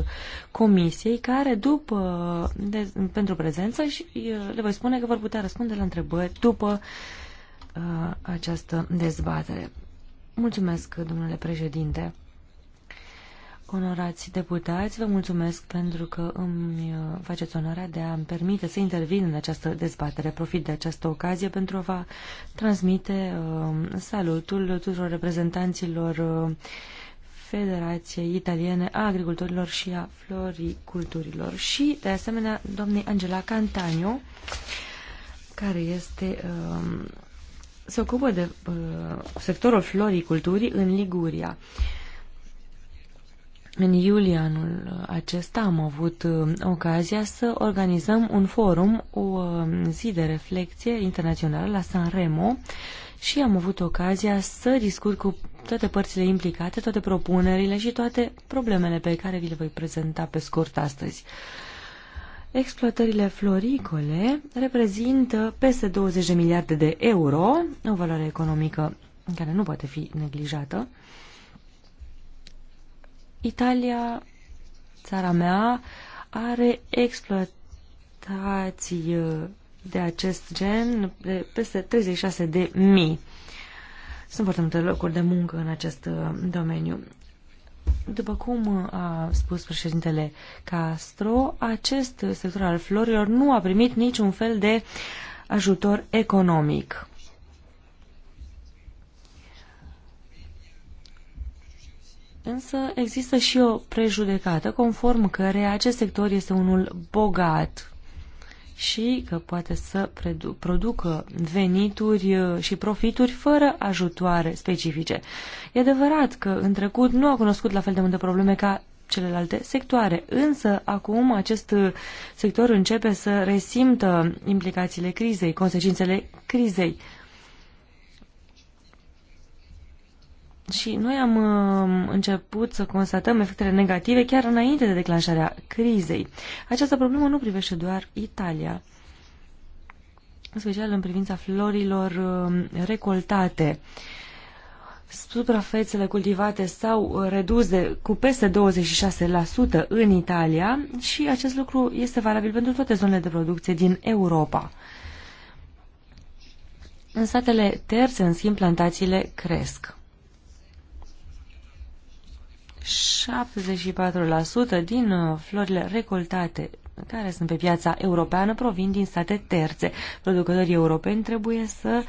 comisiei care, după, de, pentru prezență, și le voi spune că vor putea răspunde la întrebări după uh, această dezbatere. Mulțumesc, domnule președinte. Onorați deputați, vă mulțumesc pentru că îmi uh, faceți onoarea de a-mi permite să intervin în această dezbatere. Profit de această ocazie pentru a vă transmite uh, salutul tuturor reprezentanților uh, Federației Italiene a Agricultorilor și a Floriculturilor și, de asemenea, doamnei Angela Cantagno, care este uh, se ocupă de uh, sectorul floriculturii în Liguria. În iulie anul acesta am avut uh, ocazia să organizăm un forum, o uh, zi de reflexie internațională la Sanremo și am avut ocazia să discut cu toate părțile implicate, toate propunerile și toate problemele pe care vi le voi prezenta pe scurt astăzi. Uh, Exploatările floricole reprezintă peste 20 de miliarde de euro, o valoare economică care nu poate fi neglijată. Italia, țara mea, are exploatații uh, de acest gen de peste 36 de mii. Sunt foarte multe locuri de muncă în acest uh, domeniu. După cum a spus președintele Castro, acest sector al florilor nu a primit niciun fel de ajutor economic. Însă există și o prejudecată conform căreia acest sector este unul bogat și că poate să producă venituri uh, și profituri fără ajutoare specifice. E adevărat că în trecut nu a cunoscut la fel de multe probleme ca celelalte sectoare, însă acum acest uh, sector începe să resimtă implicațiile crizei, consecințele crizei. Și noi am um, început să constatăm efectele negative chiar înainte de declanșarea crizei. Această problemă nu privește doar Italia, în special în privința florilor um, recoltate. Suprafețele cultivate s-au redus de, cu peste 26% în Italia și acest lucru este valabil pentru toate zonele de producție din Europa. În statele terțe, în schimb, plantațiile cresc. 74% din uh, florile recoltate care sunt pe piața europeană provin din state terțe. Producătorii europeni trebuie să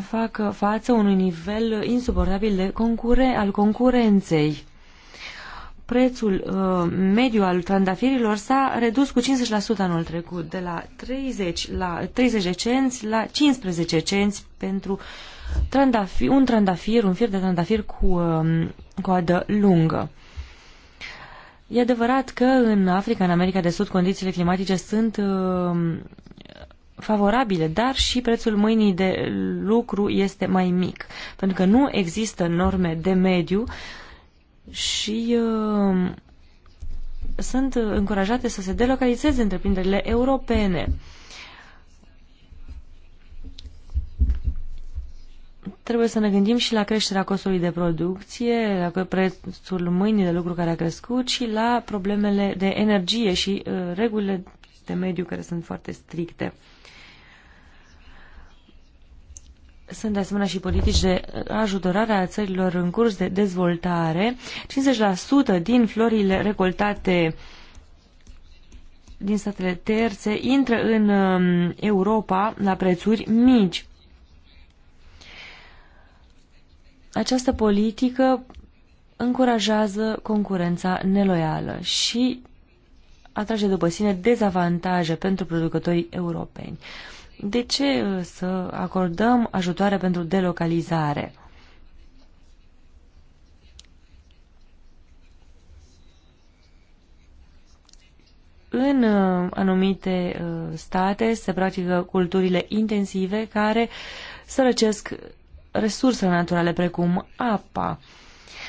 facă față unui nivel insuportabil de concure al concurenței. Prețul uh, mediu al trandafirilor s-a redus cu 50% anul trecut, de la 30, la 30 de cenți la 15 cenți pentru uh, trandafir, un trandafir, un fir de trandafir cu um, coadă lungă. E adevărat că în Africa, în America de Sud, condițiile climatice sunt um, favorabile, dar și prețul mâinii de lucru este mai mic, pentru că nu există norme de mediu și uh, sunt încurajate să se delocalizeze întreprinderile europene. trebuie să ne gândim și la creșterea costului de producție, la prețul mâinii de lucru care a crescut și la problemele de energie și uh, regulile de mediu care sunt foarte stricte. Sunt de asemenea și politici de ajutorare a țărilor în curs de dezvoltare. 50% din florile recoltate din statele terțe intră în um, Europa la prețuri mici. Această politică încurajează concurența neloială și atrage după sine dezavantaje pentru producătorii europeni. De ce uh, să acordăm ajutoare pentru delocalizare? În uh, anumite uh, state se practică culturile intensive care sărăcesc resursele naturale, precum apa.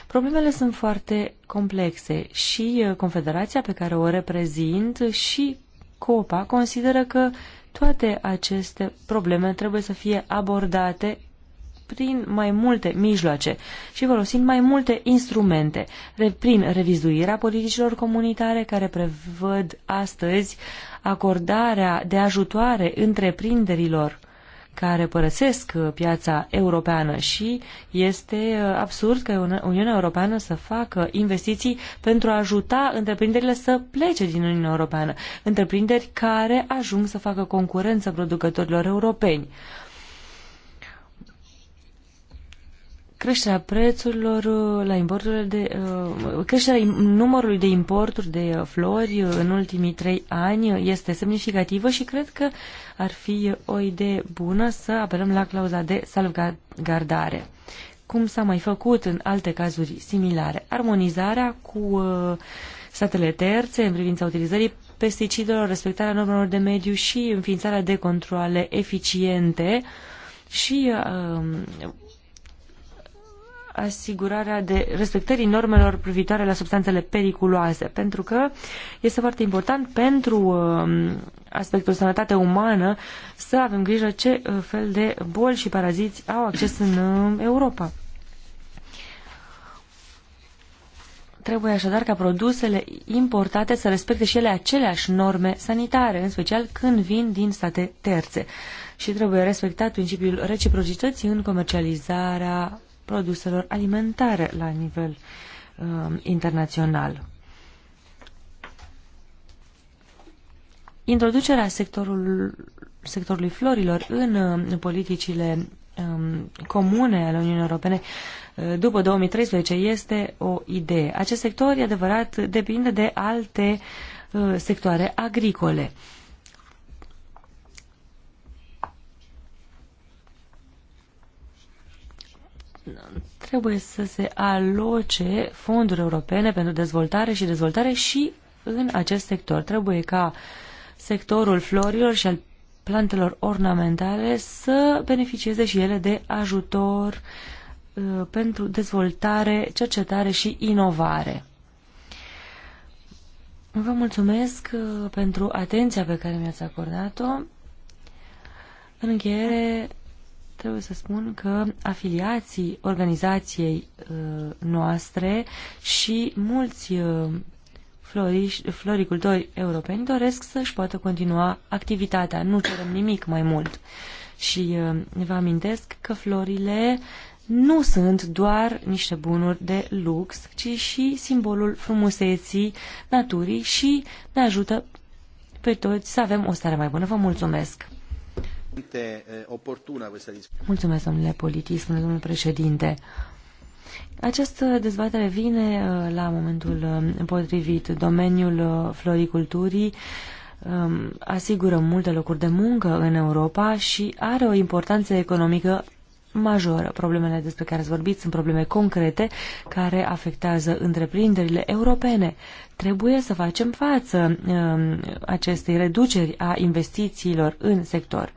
Problemele sunt foarte complexe și uh, confederația pe care o reprezint și COPA consideră că toate aceste probleme trebuie să fie abordate prin mai multe mijloace și folosind mai multe instrumente, prin revizuirea politicilor comunitare care prevăd astăzi acordarea de ajutoare întreprinderilor care părăsesc uh, piața europeană și este uh, absurd că Uniunea Europeană să facă investiții pentru a ajuta întreprinderile să plece din Uniunea Europeană, întreprinderi care ajung să facă concurență producătorilor europeni. creșterea prețurilor uh, la importurile de uh, creșterea numărului de importuri de uh, flori în ultimii trei ani este semnificativă și cred că ar fi o idee bună să apelăm la clauza de salvgardare cum s-a mai făcut în alte cazuri similare. Armonizarea cu statele terțe în privința utilizării pesticidelor, respectarea normelor de mediu și înființarea de controle eficiente și uh, asigurarea de respectării normelor privitoare la substanțele periculoase, pentru că este foarte important pentru um, aspectul sănătate umană să avem grijă ce uh, fel de boli și paraziți au acces în um, Europa. Trebuie așadar ca produsele importate să respecte și ele aceleași norme sanitare, în special când vin din state terțe. Și trebuie respectat principiul reciprocității în comercializarea produselor alimentare la nivel uh, internațional. Introducerea sectorul, sectorului florilor în uh, politicile um, comune ale Uniunii Europene uh, după 2013 este o idee. Acest sector, e adevărat, depinde de alte uh, sectoare agricole. Uh, trebuie să se aloce fonduri europene pentru dezvoltare și dezvoltare și în acest sector. Trebuie ca sectorul florilor și al plantelor ornamentale să beneficieze și ele de ajutor uh, pentru dezvoltare, cercetare și inovare. Vă mulțumesc uh, pentru atenția pe care mi-ați acordat-o. În încheiere, trebuie să spun că afiliații organizației uh, noastre și mulți uh, floricultori europeni doresc să-și poată continua activitatea. Nu cerem nimic mai mult. Și uh, vă amintesc că florile nu sunt doar niște bunuri de lux, ci și simbolul frumuseții naturii și ne ajută pe toți să avem o stare mai bună. Vă mulțumesc! Eh, această dezbatere vine eh, la momentul eh, potrivit. Domeniul floriculturii asigură multe locuri de muncă în Europa și are o importanță economică majoră. Problemele despre care ați vorbit sunt probleme concrete care afectează întreprinderile europene. Trebuie să facem față uh, acestei reduceri a investițiilor în sector.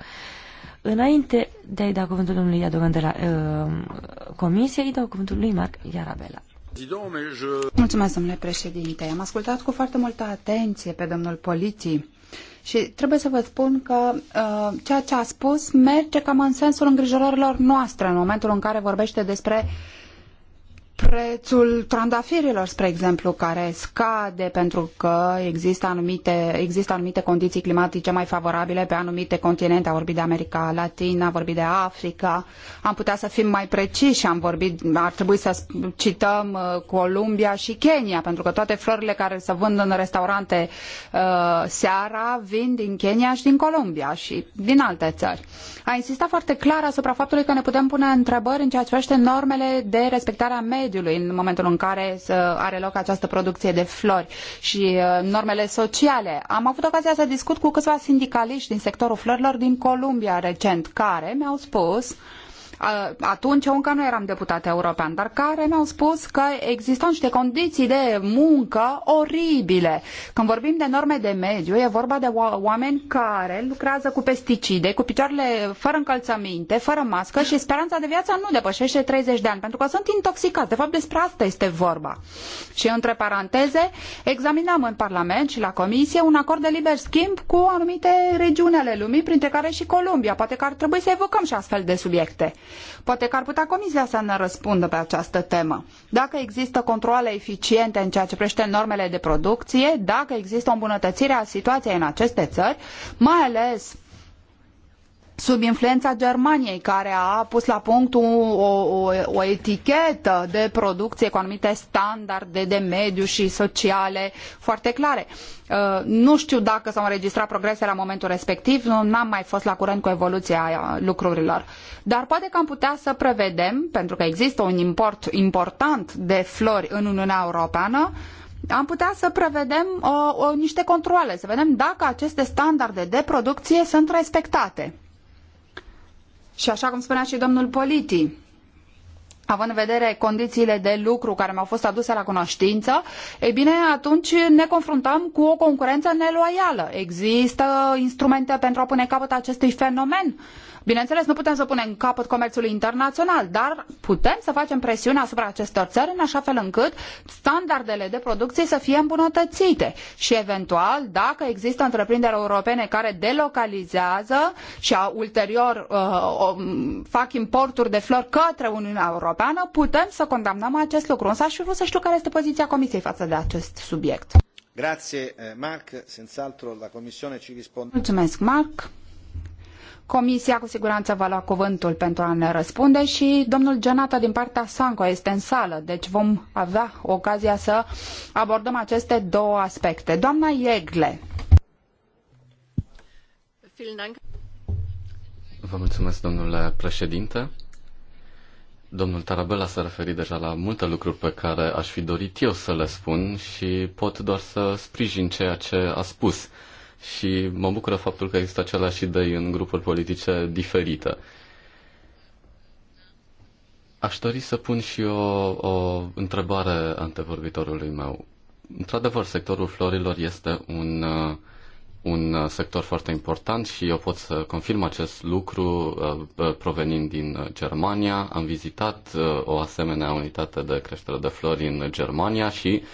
Înainte de a-i da cuvântul domnului Iadogan de la uh, Comisie, îi dau cuvântul lui Marc Iarabela. Mulțumesc, domnule președinte. Am ascultat cu foarte multă atenție pe domnul Poliții și trebuie să vă spun că uh, ceea ce a spus merge cam în sensul îngrijorărilor noastre în momentul în care vorbește despre uh, prețul trandafirilor, spre exemplu, care scade pentru că există anumite, există anumite condiții climatice mai favorabile pe anumite continente. Am vorbit de America Latină, am vorbit de Africa. Am putea să fim mai preciși, am vorbit, ar trebui să cităm uh, Columbia și Kenya, pentru că toate florile care se vând în restaurante uh, seara vin din Kenya și din Columbia și din alte țări. A insistat foarte clar asupra faptului că ne putem pune întrebări în ceea ce privește normele de respectare a mediului mediului în momentul în care are loc această producție de flori și uh, normele sociale. Am avut ocazia să discut cu câțiva sindicaliști din sectorul florilor din Columbia recent, care mi-au spus Uh, atunci eu încă nu eram deputat european, dar care mi-au spus că există niște condiții de muncă oribile. Când vorbim de norme de mediu, e vorba de oameni care lucrează cu pesticide, cu picioarele fără încălțăminte, fără mască și speranța de viață nu depășește 30 de ani, pentru că sunt intoxicați. De fapt, despre asta este vorba. Și între paranteze, examinam în Parlament și la Comisie un acord de liber schimb cu anumite regiuni ale lumii, printre care și Columbia. Poate că ar trebui să evocăm și astfel de subiecte. Poate că ar putea Comisia să ne răspundă pe această temă. Dacă există controle eficiente în ceea ce privește normele de producție, dacă există o îmbunătățire a situației în aceste țări, mai ales sub influența Germaniei, care a pus la punct o, o, o, etichetă de producție cu anumite standarde de mediu și sociale foarte clare. Uh, nu știu dacă s-au înregistrat progrese la momentul respectiv, nu am mai fost la curent cu evoluția uh, lucrurilor. Dar poate că am putea să prevedem, pentru că există un import important de flori în Uniunea Europeană, am putea să prevedem uh, o niște controle, să vedem dacă aceste standarde de producție sunt respectate. Și așa cum spunea și domnul Politi, având în vedere condițiile de lucru care mi-au fost aduse la cunoștință, e bine, atunci ne confruntăm cu o concurență neloială. Există instrumente pentru a pune capăt acestui fenomen Bineînțeles, nu putem să punem capăt comerțului internațional, dar putem să facem presiune asupra acestor țări în așa fel încât standardele de producție să fie îmbunătățite și eventual dacă există întreprinderi europene care delocalizează și ulterior uh, fac importuri de flori către Uniunea Europeană, putem să condamnăm acest lucru. Însă aș fi vrut să știu care este poziția Comisiei față de acest subiect. Grazie, eh, Mark. Senz'altro la Commissione ci risponde. Mulțumesc, Mark. Comisia cu siguranță va lua cuvântul pentru a ne răspunde și domnul Genata din partea Sanco este în sală, deci vom avea ocazia să abordăm aceste două aspecte. Doamna Iegle. Vă mulțumesc, domnule președinte. Domnul Tarabella s-a referit deja la multe lucruri pe care aș fi dorit eu să le spun și pot doar să sprijin ceea ce a spus și mă bucură faptul că există același idei în grupuri politice diferite. Aș dori să pun și o, o întrebare antevorbitorului meu. Într-adevăr, sectorul florilor este un, un sector foarte important și eu pot să confirm acest lucru uh, uh, provenind din Germania. Am vizitat uh, o asemenea unitate de creștere de flori în Germania și uh,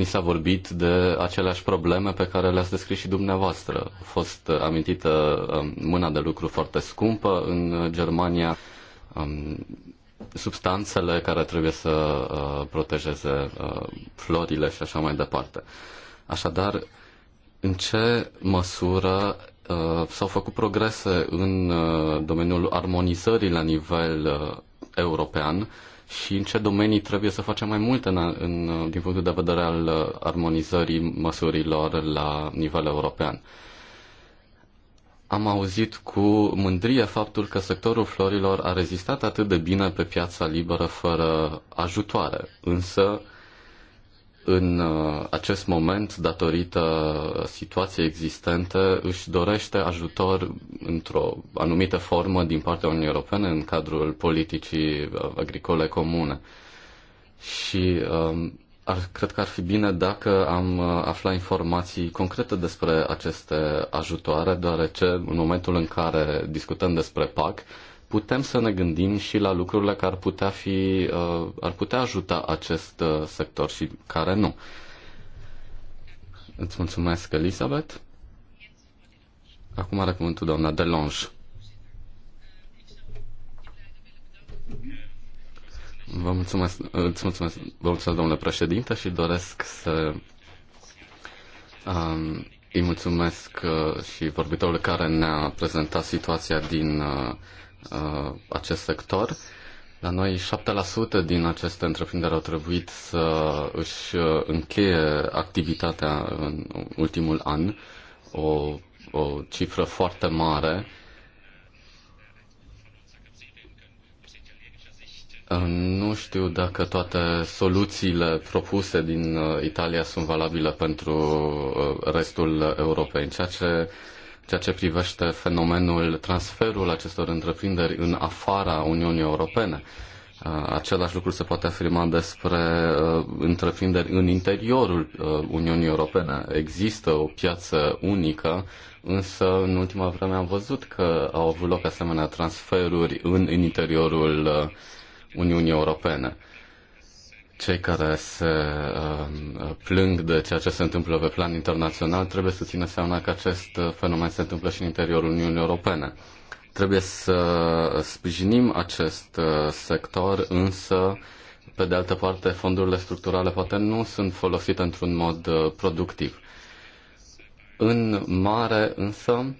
Ni s-a vorbit de aceleași probleme pe care le-ați descris și dumneavoastră. A fost uh, amintită um, mâna de lucru foarte scumpă în Germania, um, substanțele care trebuie să uh, protejeze uh, florile și așa mai departe. Așadar, în ce măsură s-au făcut progrese în domeniul armonizării la nivel european și în ce domenii trebuie să facem mai multe în, în, din punctul de vedere al uh, armonizării măsurilor la nivel european. Am auzit cu mândrie faptul că sectorul florilor a rezistat atât de bine pe piața liberă fără ajutoare, însă uh, în uh, acest moment, datorită situației existente, își dorește ajutor într-o anumită formă din partea Uniunii Europene în cadrul politicii uh, agricole comune. Și um, ar, cred că ar fi bine dacă am uh, afla informații concrete despre aceste ajutoare, deoarece în momentul în care discutăm despre PAC, putem să ne gândim și la lucrurile care ar putea, fi, uh, ar putea ajuta acest uh, sector și care nu. Îți mulțumesc, Elisabeth. Acum are cuvântul doamna Delange. Vă mulțumesc, îți mulțumesc, vă mulțumesc, domnule președinte, și doresc să um, îi mulțumesc uh, și vorbitorul care ne-a prezentat situația din uh, uh, acest sector. La noi 7% din aceste întreprinderi au trebuit să își uh, încheie activitatea în ultimul an, o, o cifră foarte mare. Uh, nu știu dacă toate soluțiile propuse din uh, Italia sunt valabile pentru restul Europei, în ceea ce ceea ce privește fenomenul transferul acestor întreprinderi în afara Uniunii Europene. Uh, același lucru se poate afirma despre uh, întreprinderi în interiorul uh, Uniunii Europene. Există o piață unică, însă în ultima vreme am văzut că au avut loc asemenea transferuri în, în interiorul Uniunii Europene cei care se uh, plâng de ceea ce se întâmplă pe plan internațional trebuie să țină seama că acest uh, fenomen se întâmplă și în interiorul Uniunii Europene. Trebuie să sprijinim acest uh, sector, însă, pe de altă parte, fondurile structurale poate nu sunt folosite într-un mod uh, productiv. În mare, însă,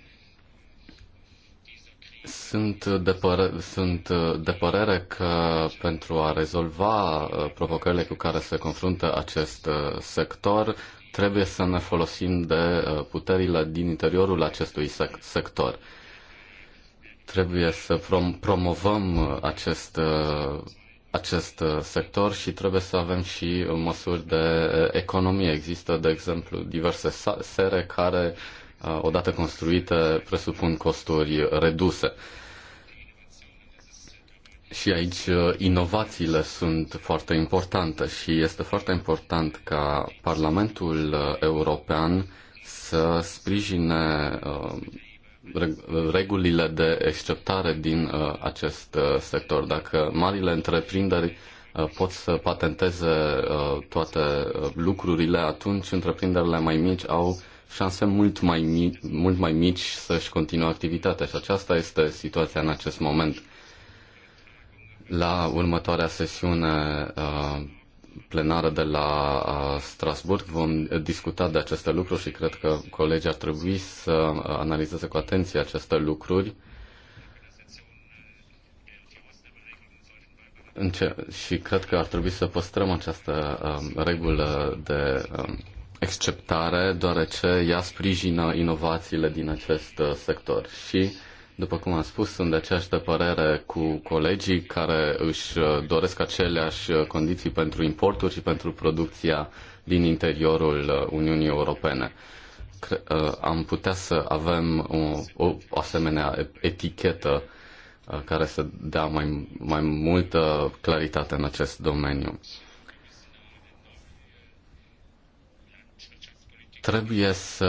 sunt de, părere, sunt uh, de părere că pentru a rezolva uh, provocările cu care se confruntă acest uh, sector, trebuie să ne folosim de puterile din interiorul acestui sector. Trebuie să prom- promovăm acest, acest sector și trebuie să avem și măsuri de economie. Există, de exemplu, diverse sere care uh, Uh, odată construite, presupun costuri reduse. Și aici uh, inovațiile sunt foarte importante și este foarte important ca Parlamentul uh, European să sprijine regulile de exceptare din acest sector. Dacă marile întreprinderi pot să patenteze toate lucrurile, atunci întreprinderile mai mici au șanse mult mai, mi- mult mai mici să-și continue activitatea și aceasta este situația în acest moment. La următoarea sesiune uh, plenară de la uh, Strasburg vom discuta de aceste lucruri și cred că colegii ar trebui să uh, analizeze cu atenție aceste lucruri. Și cred că ar trebui să păstrăm această regulă de exceptare, deoarece ea sprijină inovațiile din acest uh, sector și după cum am spus, sunt de aceeași de părere cu colegii care își uh, doresc aceleași uh, condiții pentru importuri și pentru producția din interiorul Uniunii Europene. Am putea să avem o, o asemenea etichetă care să dea mai, mai multă claritate în acest domeniu. Trebuie să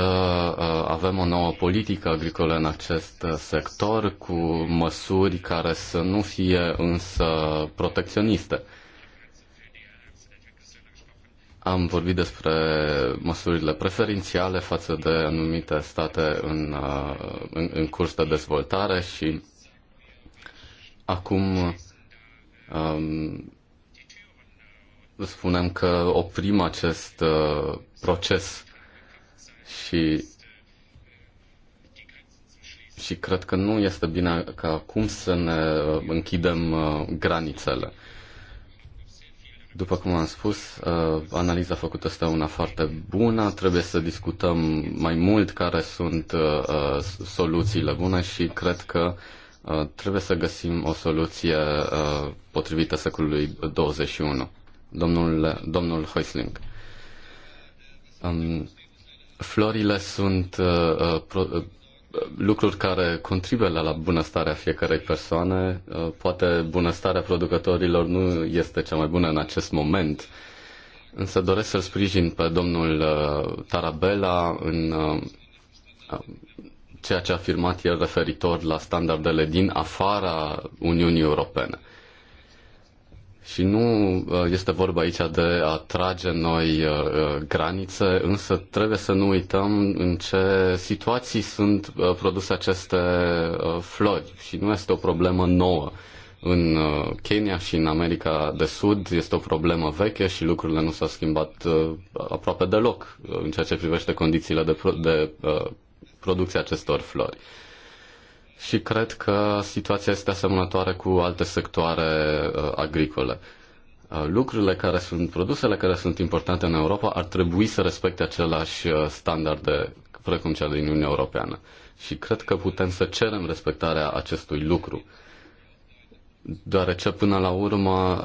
uh, avem o nouă politică agricolă în acest uh, sector cu măsuri care să nu fie însă protecționiste. Am vorbit despre măsurile preferențiale față de anumite state în, uh, în, în curs de dezvoltare și acum um, spunem că oprim acest uh, proces și și cred că nu este bine ca acum să ne uh, închidem uh, granițele. După cum am spus, uh, analiza făcută este una foarte bună, trebuie să discutăm mai mult care sunt soluțiile bune și cred că trebuie să găsim o soluție potrivită secolului 21. Domnul, domnul Heusling. Um, Florile sunt uh, uh, pro, uh, lucruri care contribuie la, la bunăstarea fiecarei persoane. Uh, poate bunăstarea producătorilor nu este cea mai bună în acest moment, însă doresc să-l sprijin pe domnul uh, Tarabella în uh, ceea ce a afirmat el referitor la standardele din afara Uniunii Europene. Și nu uh, este vorba aici de a trage noi uh, uh, granițe, însă trebuie să nu uităm în ce situații sunt produse aceste flori. Și nu este o problemă nouă. În Kenya și în America de Sud este o problemă veche și lucrurile nu s-au schimbat aproape deloc în ceea ce privește condițiile de, pro- de producție acestor flori și cred că situația este asemănătoare cu alte sectoare uh, agricole. Uh, lucrurile care sunt, produsele care sunt importante în Europa ar trebui să respecte același uh, standarde precum cea din Uniunea Europeană. Și cred că putem să cerem respectarea acestui lucru deoarece până la urmă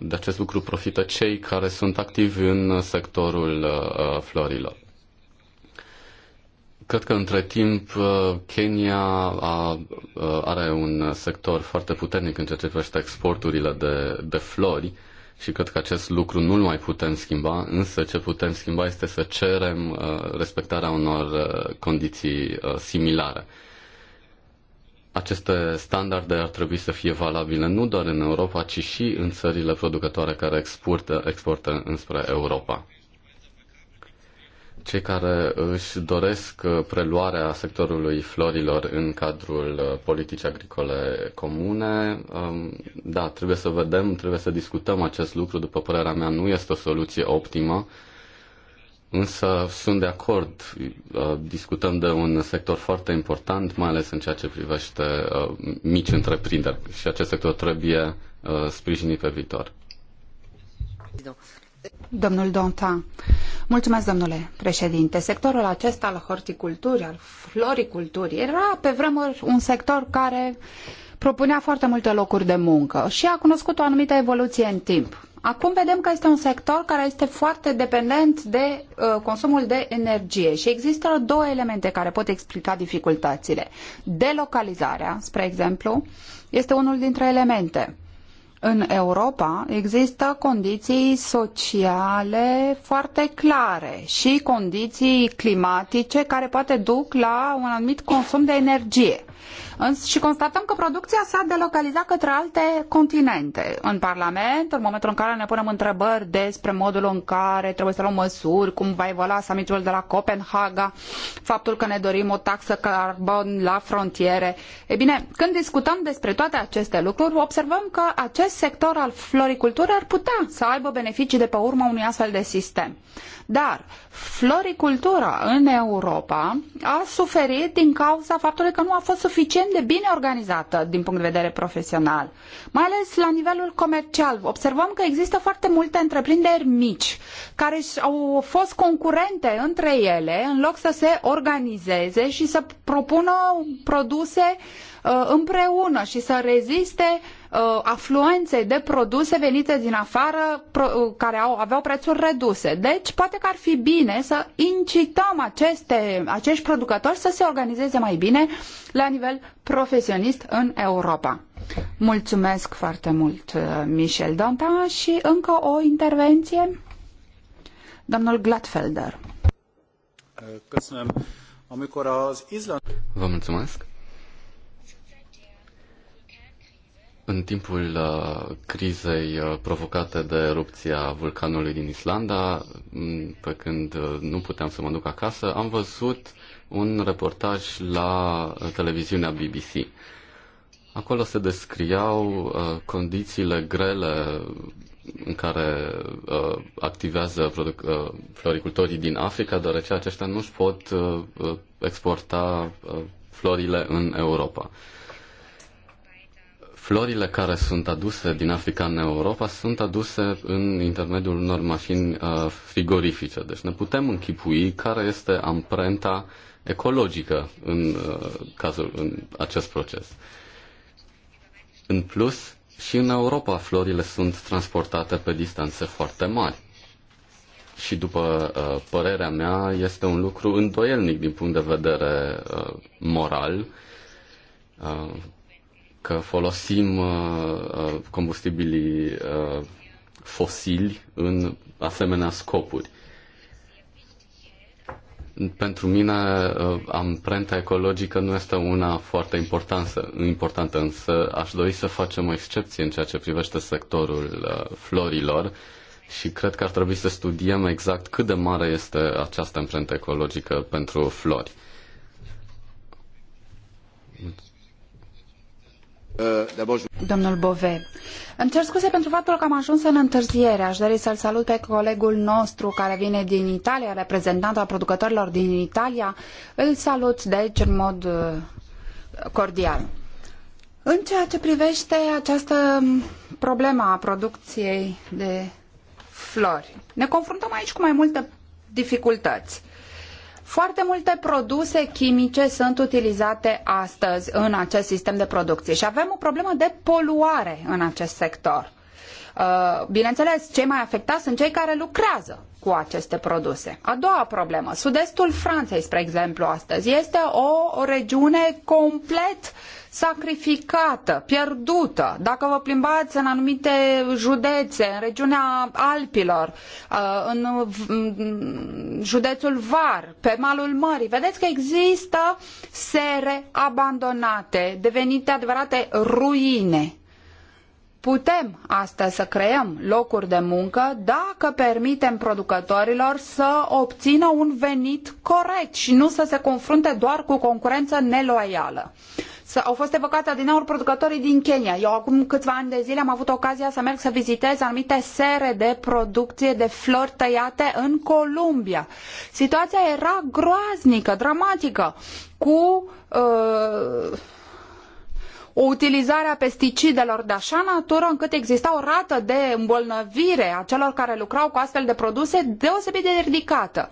de acest lucru profită cei care sunt activi în sectorul florilor. Cred că între timp uh, Kenya a, uh, are un sector foarte puternic în ceea ce privește exporturile de, de flori și cred că acest lucru nu-l mai putem schimba, însă ce putem schimba este să cerem uh, respectarea unor condiții similare. Aceste standarde ar trebui să fie valabile nu doar în Europa, ci și în țările producătoare care exportă, exportă înspre Europa cei care își doresc uh, preluarea sectorului florilor în cadrul uh, politicii agricole comune, um, da, trebuie să vedem, trebuie să discutăm acest lucru. După părerea mea, nu este o soluție optimă, însă sunt de acord. Uh, discutăm de un sector foarte important, mai ales în ceea ce privește mici întreprinderi și acest sector trebuie sprijinit pe viitor. Domnul Donta. Mulțumesc, domnule președinte. Sectorul acesta al horticulturii, al floriculturii, era pe vremuri un sector care propunea foarte multe locuri de muncă și a cunoscut o anumită evoluție în timp. Acum vedem că este un sector care este foarte dependent de uh, consumul de energie și există două elemente care pot explica dificultățile. Delocalizarea, spre exemplu, este unul dintre elemente în Europa există condiții sociale foarte clare și condiții climatice care poate duc la un anumit consum de energie și constatăm că producția s-a delocalizat către alte continente. În Parlament, în momentul în care ne punem întrebări despre modul în care trebuie să luăm măsuri, cum va evolua summitul de la Copenhaga, faptul că ne dorim o taxă carbon la frontiere. E bine, când discutăm despre toate aceste lucruri, observăm că acest sector al floriculturii ar putea să aibă beneficii de pe urma unui astfel de sistem. Dar floricultura în Europa a suferit din cauza faptului că nu a fost suficient de bine organizată din punct de vedere profesional, mai ales la nivelul comercial. Observăm că există foarte multe întreprinderi mici care au fost concurente între ele în loc să se organizeze și să propună produse uh, împreună și să reziste uh, Uh, afluenței de produse venite din afară uh, care au, aveau prețuri reduse. Deci, poate că ar fi bine să incităm aceste, acești producători să se organizeze mai bine la nivel profesionist în Europa. Mulțumesc foarte mult, uh, Michel Dantin, și încă o intervenție. Domnul Gladfelder. Vă mulțumesc. În timpul uh, crizei uh, provocate de erupția vulcanului din Islanda, pe când uh, nu puteam să mă duc acasă, am văzut un reportaj la televiziunea BBC. Acolo se descriau condițiile grele în care uh, activează produc- uh, floricultorii din Africa, deoarece aceștia nu și pot uh, exporta uh, florile în Europa. Uh, Florile care sunt aduse din Africa în Europa sunt aduse în intermediul unor mașini uh, frigorifice. Deci ne putem închipui care este amprenta ecologică în, uh, cazul, în acest proces. În plus, și în Europa florile sunt transportate pe distanțe foarte mari. Și după uh, părerea mea, este un lucru îndoielnic din punct de vedere moral că folosim uh, uh, combustibilii uh, fosili în asemenea scopuri. Pentru mine, uh, amprenta ecologică nu este una foarte importantă, importantă, însă aș dori să facem o excepție în ceea ce privește sectorul uh, florilor și cred că ar trebui să studiem exact cât de mare este această amprentă ecologică pentru flori. Domnul Bove, îmi cer scuze pentru faptul că am ajuns în întârziere. Aș dori să-l salut pe colegul nostru care vine din Italia, reprezentant al producătorilor din Italia. Îl salut de aici în mod uh, cordial. În ceea ce privește această problemă a producției de flori, ne confruntăm aici cu mai multe dificultăți. Foarte multe produse chimice sunt utilizate astăzi în acest sistem de producție și avem o problemă de poluare în acest sector. Uh, bineînțeles, cei mai afectați sunt cei care lucrează cu aceste produse. A doua problemă, sud-estul Franței, spre exemplu, astăzi, este o regiune complet sacrificată, pierdută. Dacă vă plimbați în anumite județe, în regiunea Alpilor, uh, în județul Var, pe malul mării, vedeți că există sere abandonate, devenite adevărate ruine Putem astăzi să creăm locuri de muncă dacă permitem producătorilor să obțină un venit corect și nu să se confrunte doar cu concurență neloială. au fost evocate adineauri producătorii din Kenya. Eu acum câțiva ani de zile am avut ocazia să merg să vizitez anumite sere de producție de flori tăiate în Columbia. Situația era groaznică, dramatică, cu... Uh, o utilizare a pesticidelor de așa natură încât exista o rată de îmbolnăvire a celor care lucrau cu astfel de produse deosebit de ridicată.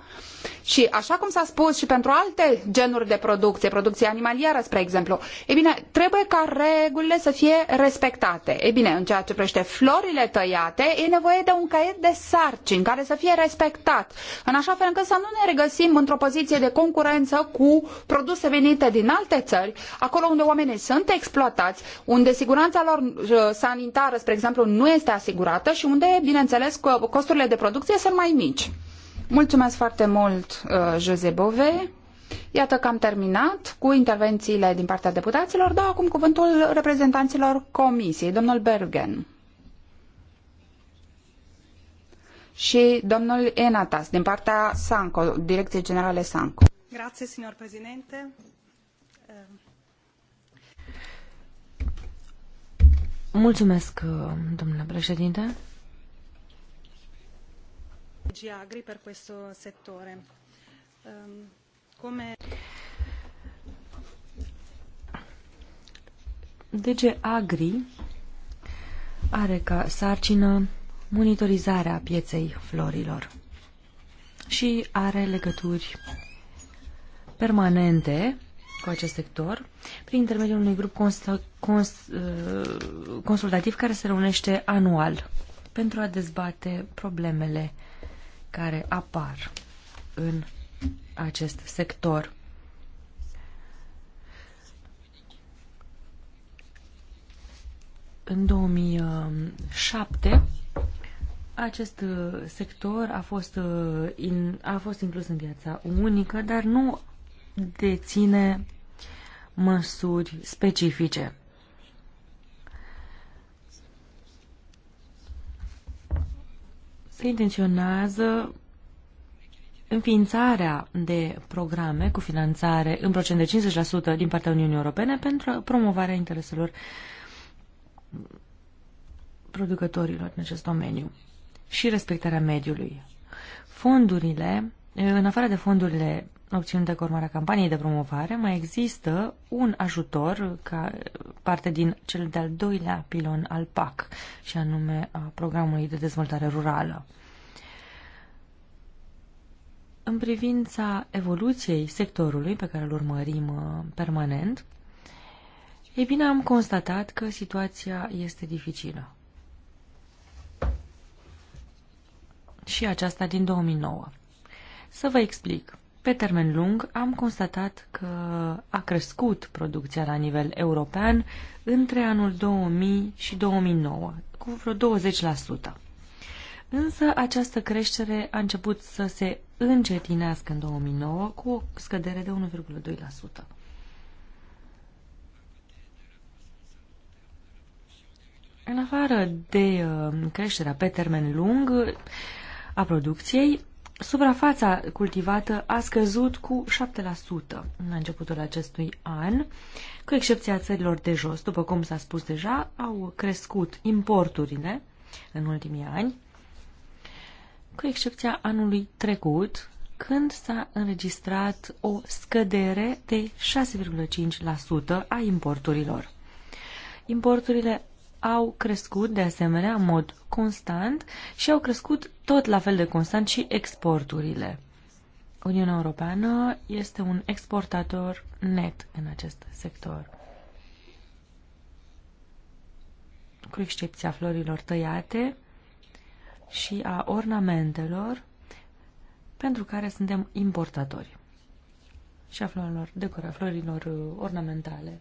Și așa cum s-a spus și pentru alte genuri de producție, producție animalieră, spre exemplu, e bine, trebuie ca regulile să fie respectate. E bine, în ceea ce privește florile tăiate, e nevoie de un caiet de sarcini care să fie respectat, în așa fel încât să nu ne regăsim într-o poziție de concurență cu produse venite din alte țări, acolo unde oamenii sunt exploatați, unde siguranța lor uh, sanitară, spre exemplu, nu este asigurată și unde, bineînțeles, costurile de producție sunt mai mici. Mulțumesc foarte mult, uh, Jose Bove. Iată că am terminat cu intervențiile din partea deputaților. Dau acum cuvântul reprezentanților comisiei, domnul Bergen și domnul Enatas din partea Sanco, Direcției Generale Sanco. Grazie, signor președinte. Mulțumesc, domnule președinte. Agri per questo settore. Ehm, come... DG deci, Agri are ca sarcină monitorizarea pieței florilor și are legături permanente cu acest sector prin intermediul unui grup cons cons, eh, consultativ care se reunește anual pentru a dezbate problemele care apar în acest sector. În 2007 acest uh, sector a fost, uh, a fost inclus în viața unică, dar nu deține măsuri specifice. se intenționează înființarea de programe cu finanțare în procent de 50% din partea Uniunii Europene pentru promovarea intereselor producătorilor în acest domeniu și respectarea mediului. Fondurile, în afară de fondurile obținute ca urmarea campaniei de promovare, mai există un ajutor ca parte din cel de-al doilea pilon al PAC, și anume a programului de dezvoltare rurală. În privința evoluției sectorului pe care îl urmărim uh, permanent, ei bine, am constatat că situația este dificilă. Și aceasta din 2009. Să vă explic. Pe termen lung am constatat că a crescut producția la nivel european între anul 2000 și 2009, cu vreo 20%. Însă această creștere a început să se încetinească în 2009 cu o scădere de 1,2%. În afară de uh, creșterea pe termen lung a producției, Suprafața cultivată a scăzut cu 7% în începutul acestui an, cu excepția țărilor de jos. După cum s-a spus deja, au crescut importurile în ultimii ani, cu excepția anului trecut, când s-a înregistrat o scădere de 6,5% a importurilor. Importurile au crescut de asemenea în mod constant și au crescut tot la fel de constant și exporturile. Uniunea Europeană este un exportator net în acest sector. Cu excepția florilor tăiate și a ornamentelor, pentru care suntem importatori și a florilor, decora, florilor uh, ornamentale.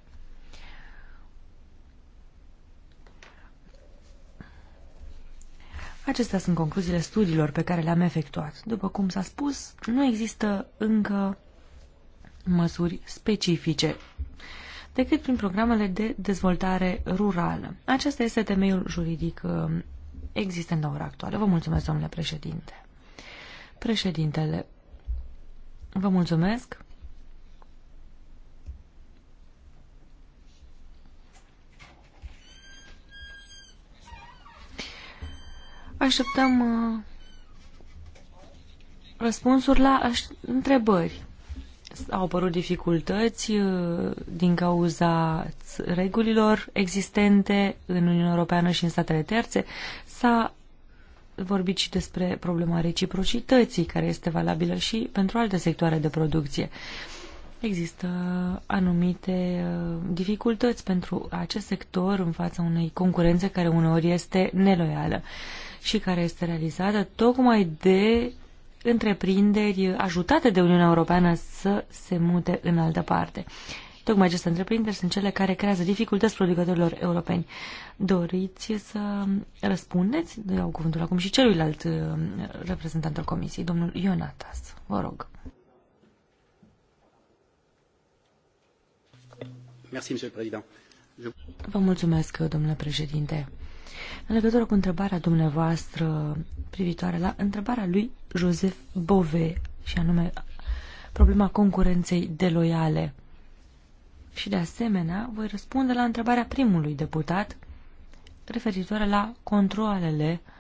Acestea sunt concluziile studiilor pe care le-am efectuat. După cum s-a spus, nu există încă măsuri specifice decât prin programele de dezvoltare rurală. Acesta este temeiul juridic um, existent la ora actuală. Vă mulțumesc, domnule președinte. Președintele, vă mulțumesc. Așteptăm uh, răspunsuri la întrebări. Au apărut dificultăți uh, din cauza regulilor existente în Uniunea Europeană și în statele terțe. S-a vorbit și despre problema reciprocității, care este valabilă și pentru alte sectoare de producție. Uh, Există anumite uh, dificultăți pentru acest sector în fața unei concurențe care uneori este neloială și care este realizată tocmai de întreprinderi ajutate de Uniunea Europeană să se mute în altă parte. Tocmai aceste întreprinderi sunt cele care creează dificultăți producătorilor europeni. Doriți să răspundeți? Dau cuvântul acum și celuilalt uh, reprezentant al Comisiei, domnul Ionatas. Vă rog. Vă mulțumesc, domnule președinte. În legătură cu întrebarea dumneavoastră privitoare la întrebarea lui Joseph Bove, și anume problema concurenței deloiale. Și de asemenea, voi răspunde la întrebarea primului deputat referitoare la controlele uh,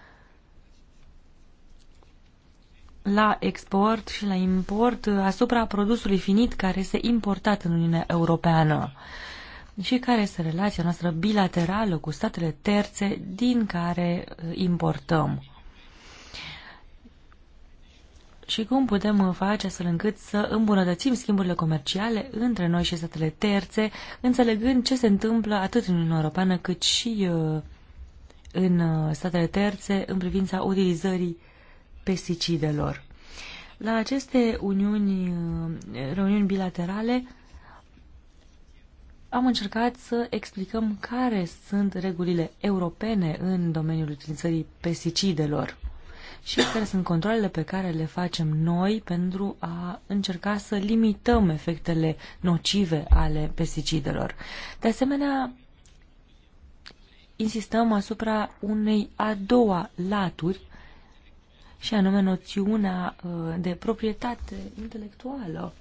la export și la import asupra produsului finit care este importat în Uniunea Europeană și care este relația noastră bilaterală cu statele terțe din care uh, importăm. Și cum putem uh, face astfel încât să îmbunătățim schimburile comerciale între noi și statele terțe, înțelegând ce se întâmplă atât în Uniunea Europeană cât și uh, în statele terțe în privința utilizării pesticidelor. La aceste uniuni, eh, reuniuni bilaterale am încercat să explicăm care sunt regulile europene în domeniul utilizării pesticidelor și care sunt controlele pe care le facem noi pentru a încerca să limităm efectele nocive ale pesticidelor. De asemenea, insistăm asupra unei a doua laturi și anume noțiunea uh, de proprietate intelectuală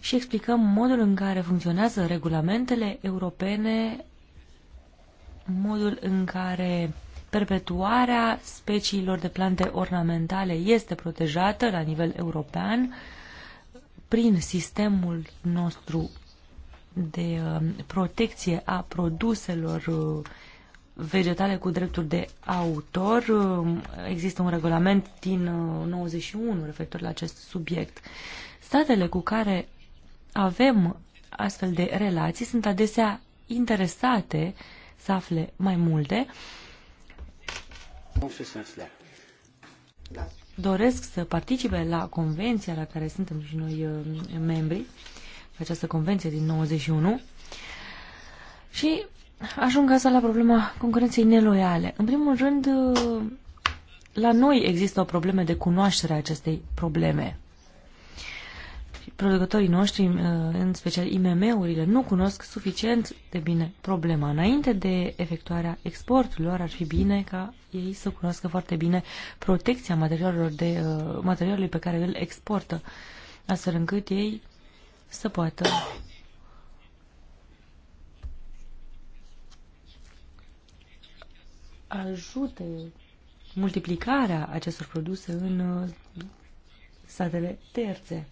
și explicăm modul în care funcționează regulamentele europene, modul în care perpetuarea speciilor de plante ornamentale este protejată la nivel european prin sistemul nostru de uh, protecție a produselor uh, vegetale cu drepturi de autor. Um, există un regulament din 91 uh, referitor la acest subiect. Statele cu care avem astfel de relații sunt adesea interesate să afle mai multe. Doresc să participe la convenția la care suntem și noi uh, membri, această convenție din 91. Și Ajung asta la problema concurenței neloiale. În primul rând, la noi există o problemă de cunoaștere a acestei probleme. Producătorii noștri, în special IMM-urile, nu cunosc suficient de bine problema. Înainte de efectuarea exporturilor, ar fi bine ca ei să cunoască foarte bine protecția materialelor de, materialului pe care îl exportă, astfel încât ei să poată ajute multiplicarea acestor produse în uh, statele terțe.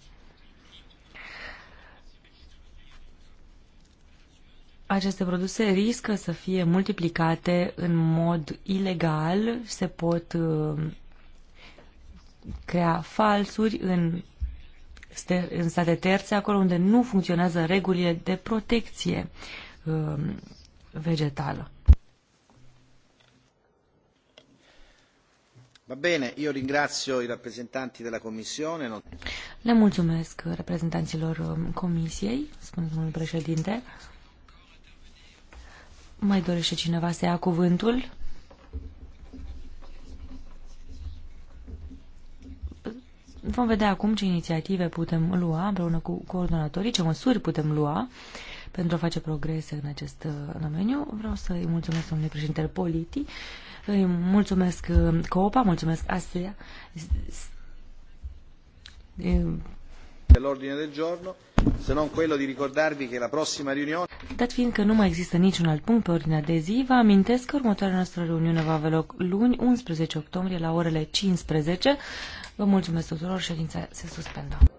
Aceste produse riscă să fie multiplicate în mod ilegal, se pot uh, crea falsuri în, în state terțe, acolo unde nu funcționează regulile de protecție uh, vegetală. Va bene, io ringrazio i rappresentanti della Commissione. Le mulțumesc reprezentanților um, Comisiei, spune domnul președinte. Mai dorește cineva să ia cuvântul? Vom vedea acum ce inițiative putem lua împreună cu coordonatorii, ce măsuri putem lua pentru a face progrese în acest uh, domeniu. Vreau să-i mulțumesc domnului președinte Politi îi mulțumesc uh, Coopa, mulțumesc Astria. Dell'ordine del giorno, se non quello di ricordarvi che la prossima riunione. Dat fiind că nu mai există niciun alt punct pe ordinea de zi, vă amintesc că următoarea noastră reuniune va avea loc luni, 11 octombrie, la orele 15. Vă mulțumesc tuturor, ședința se suspendă.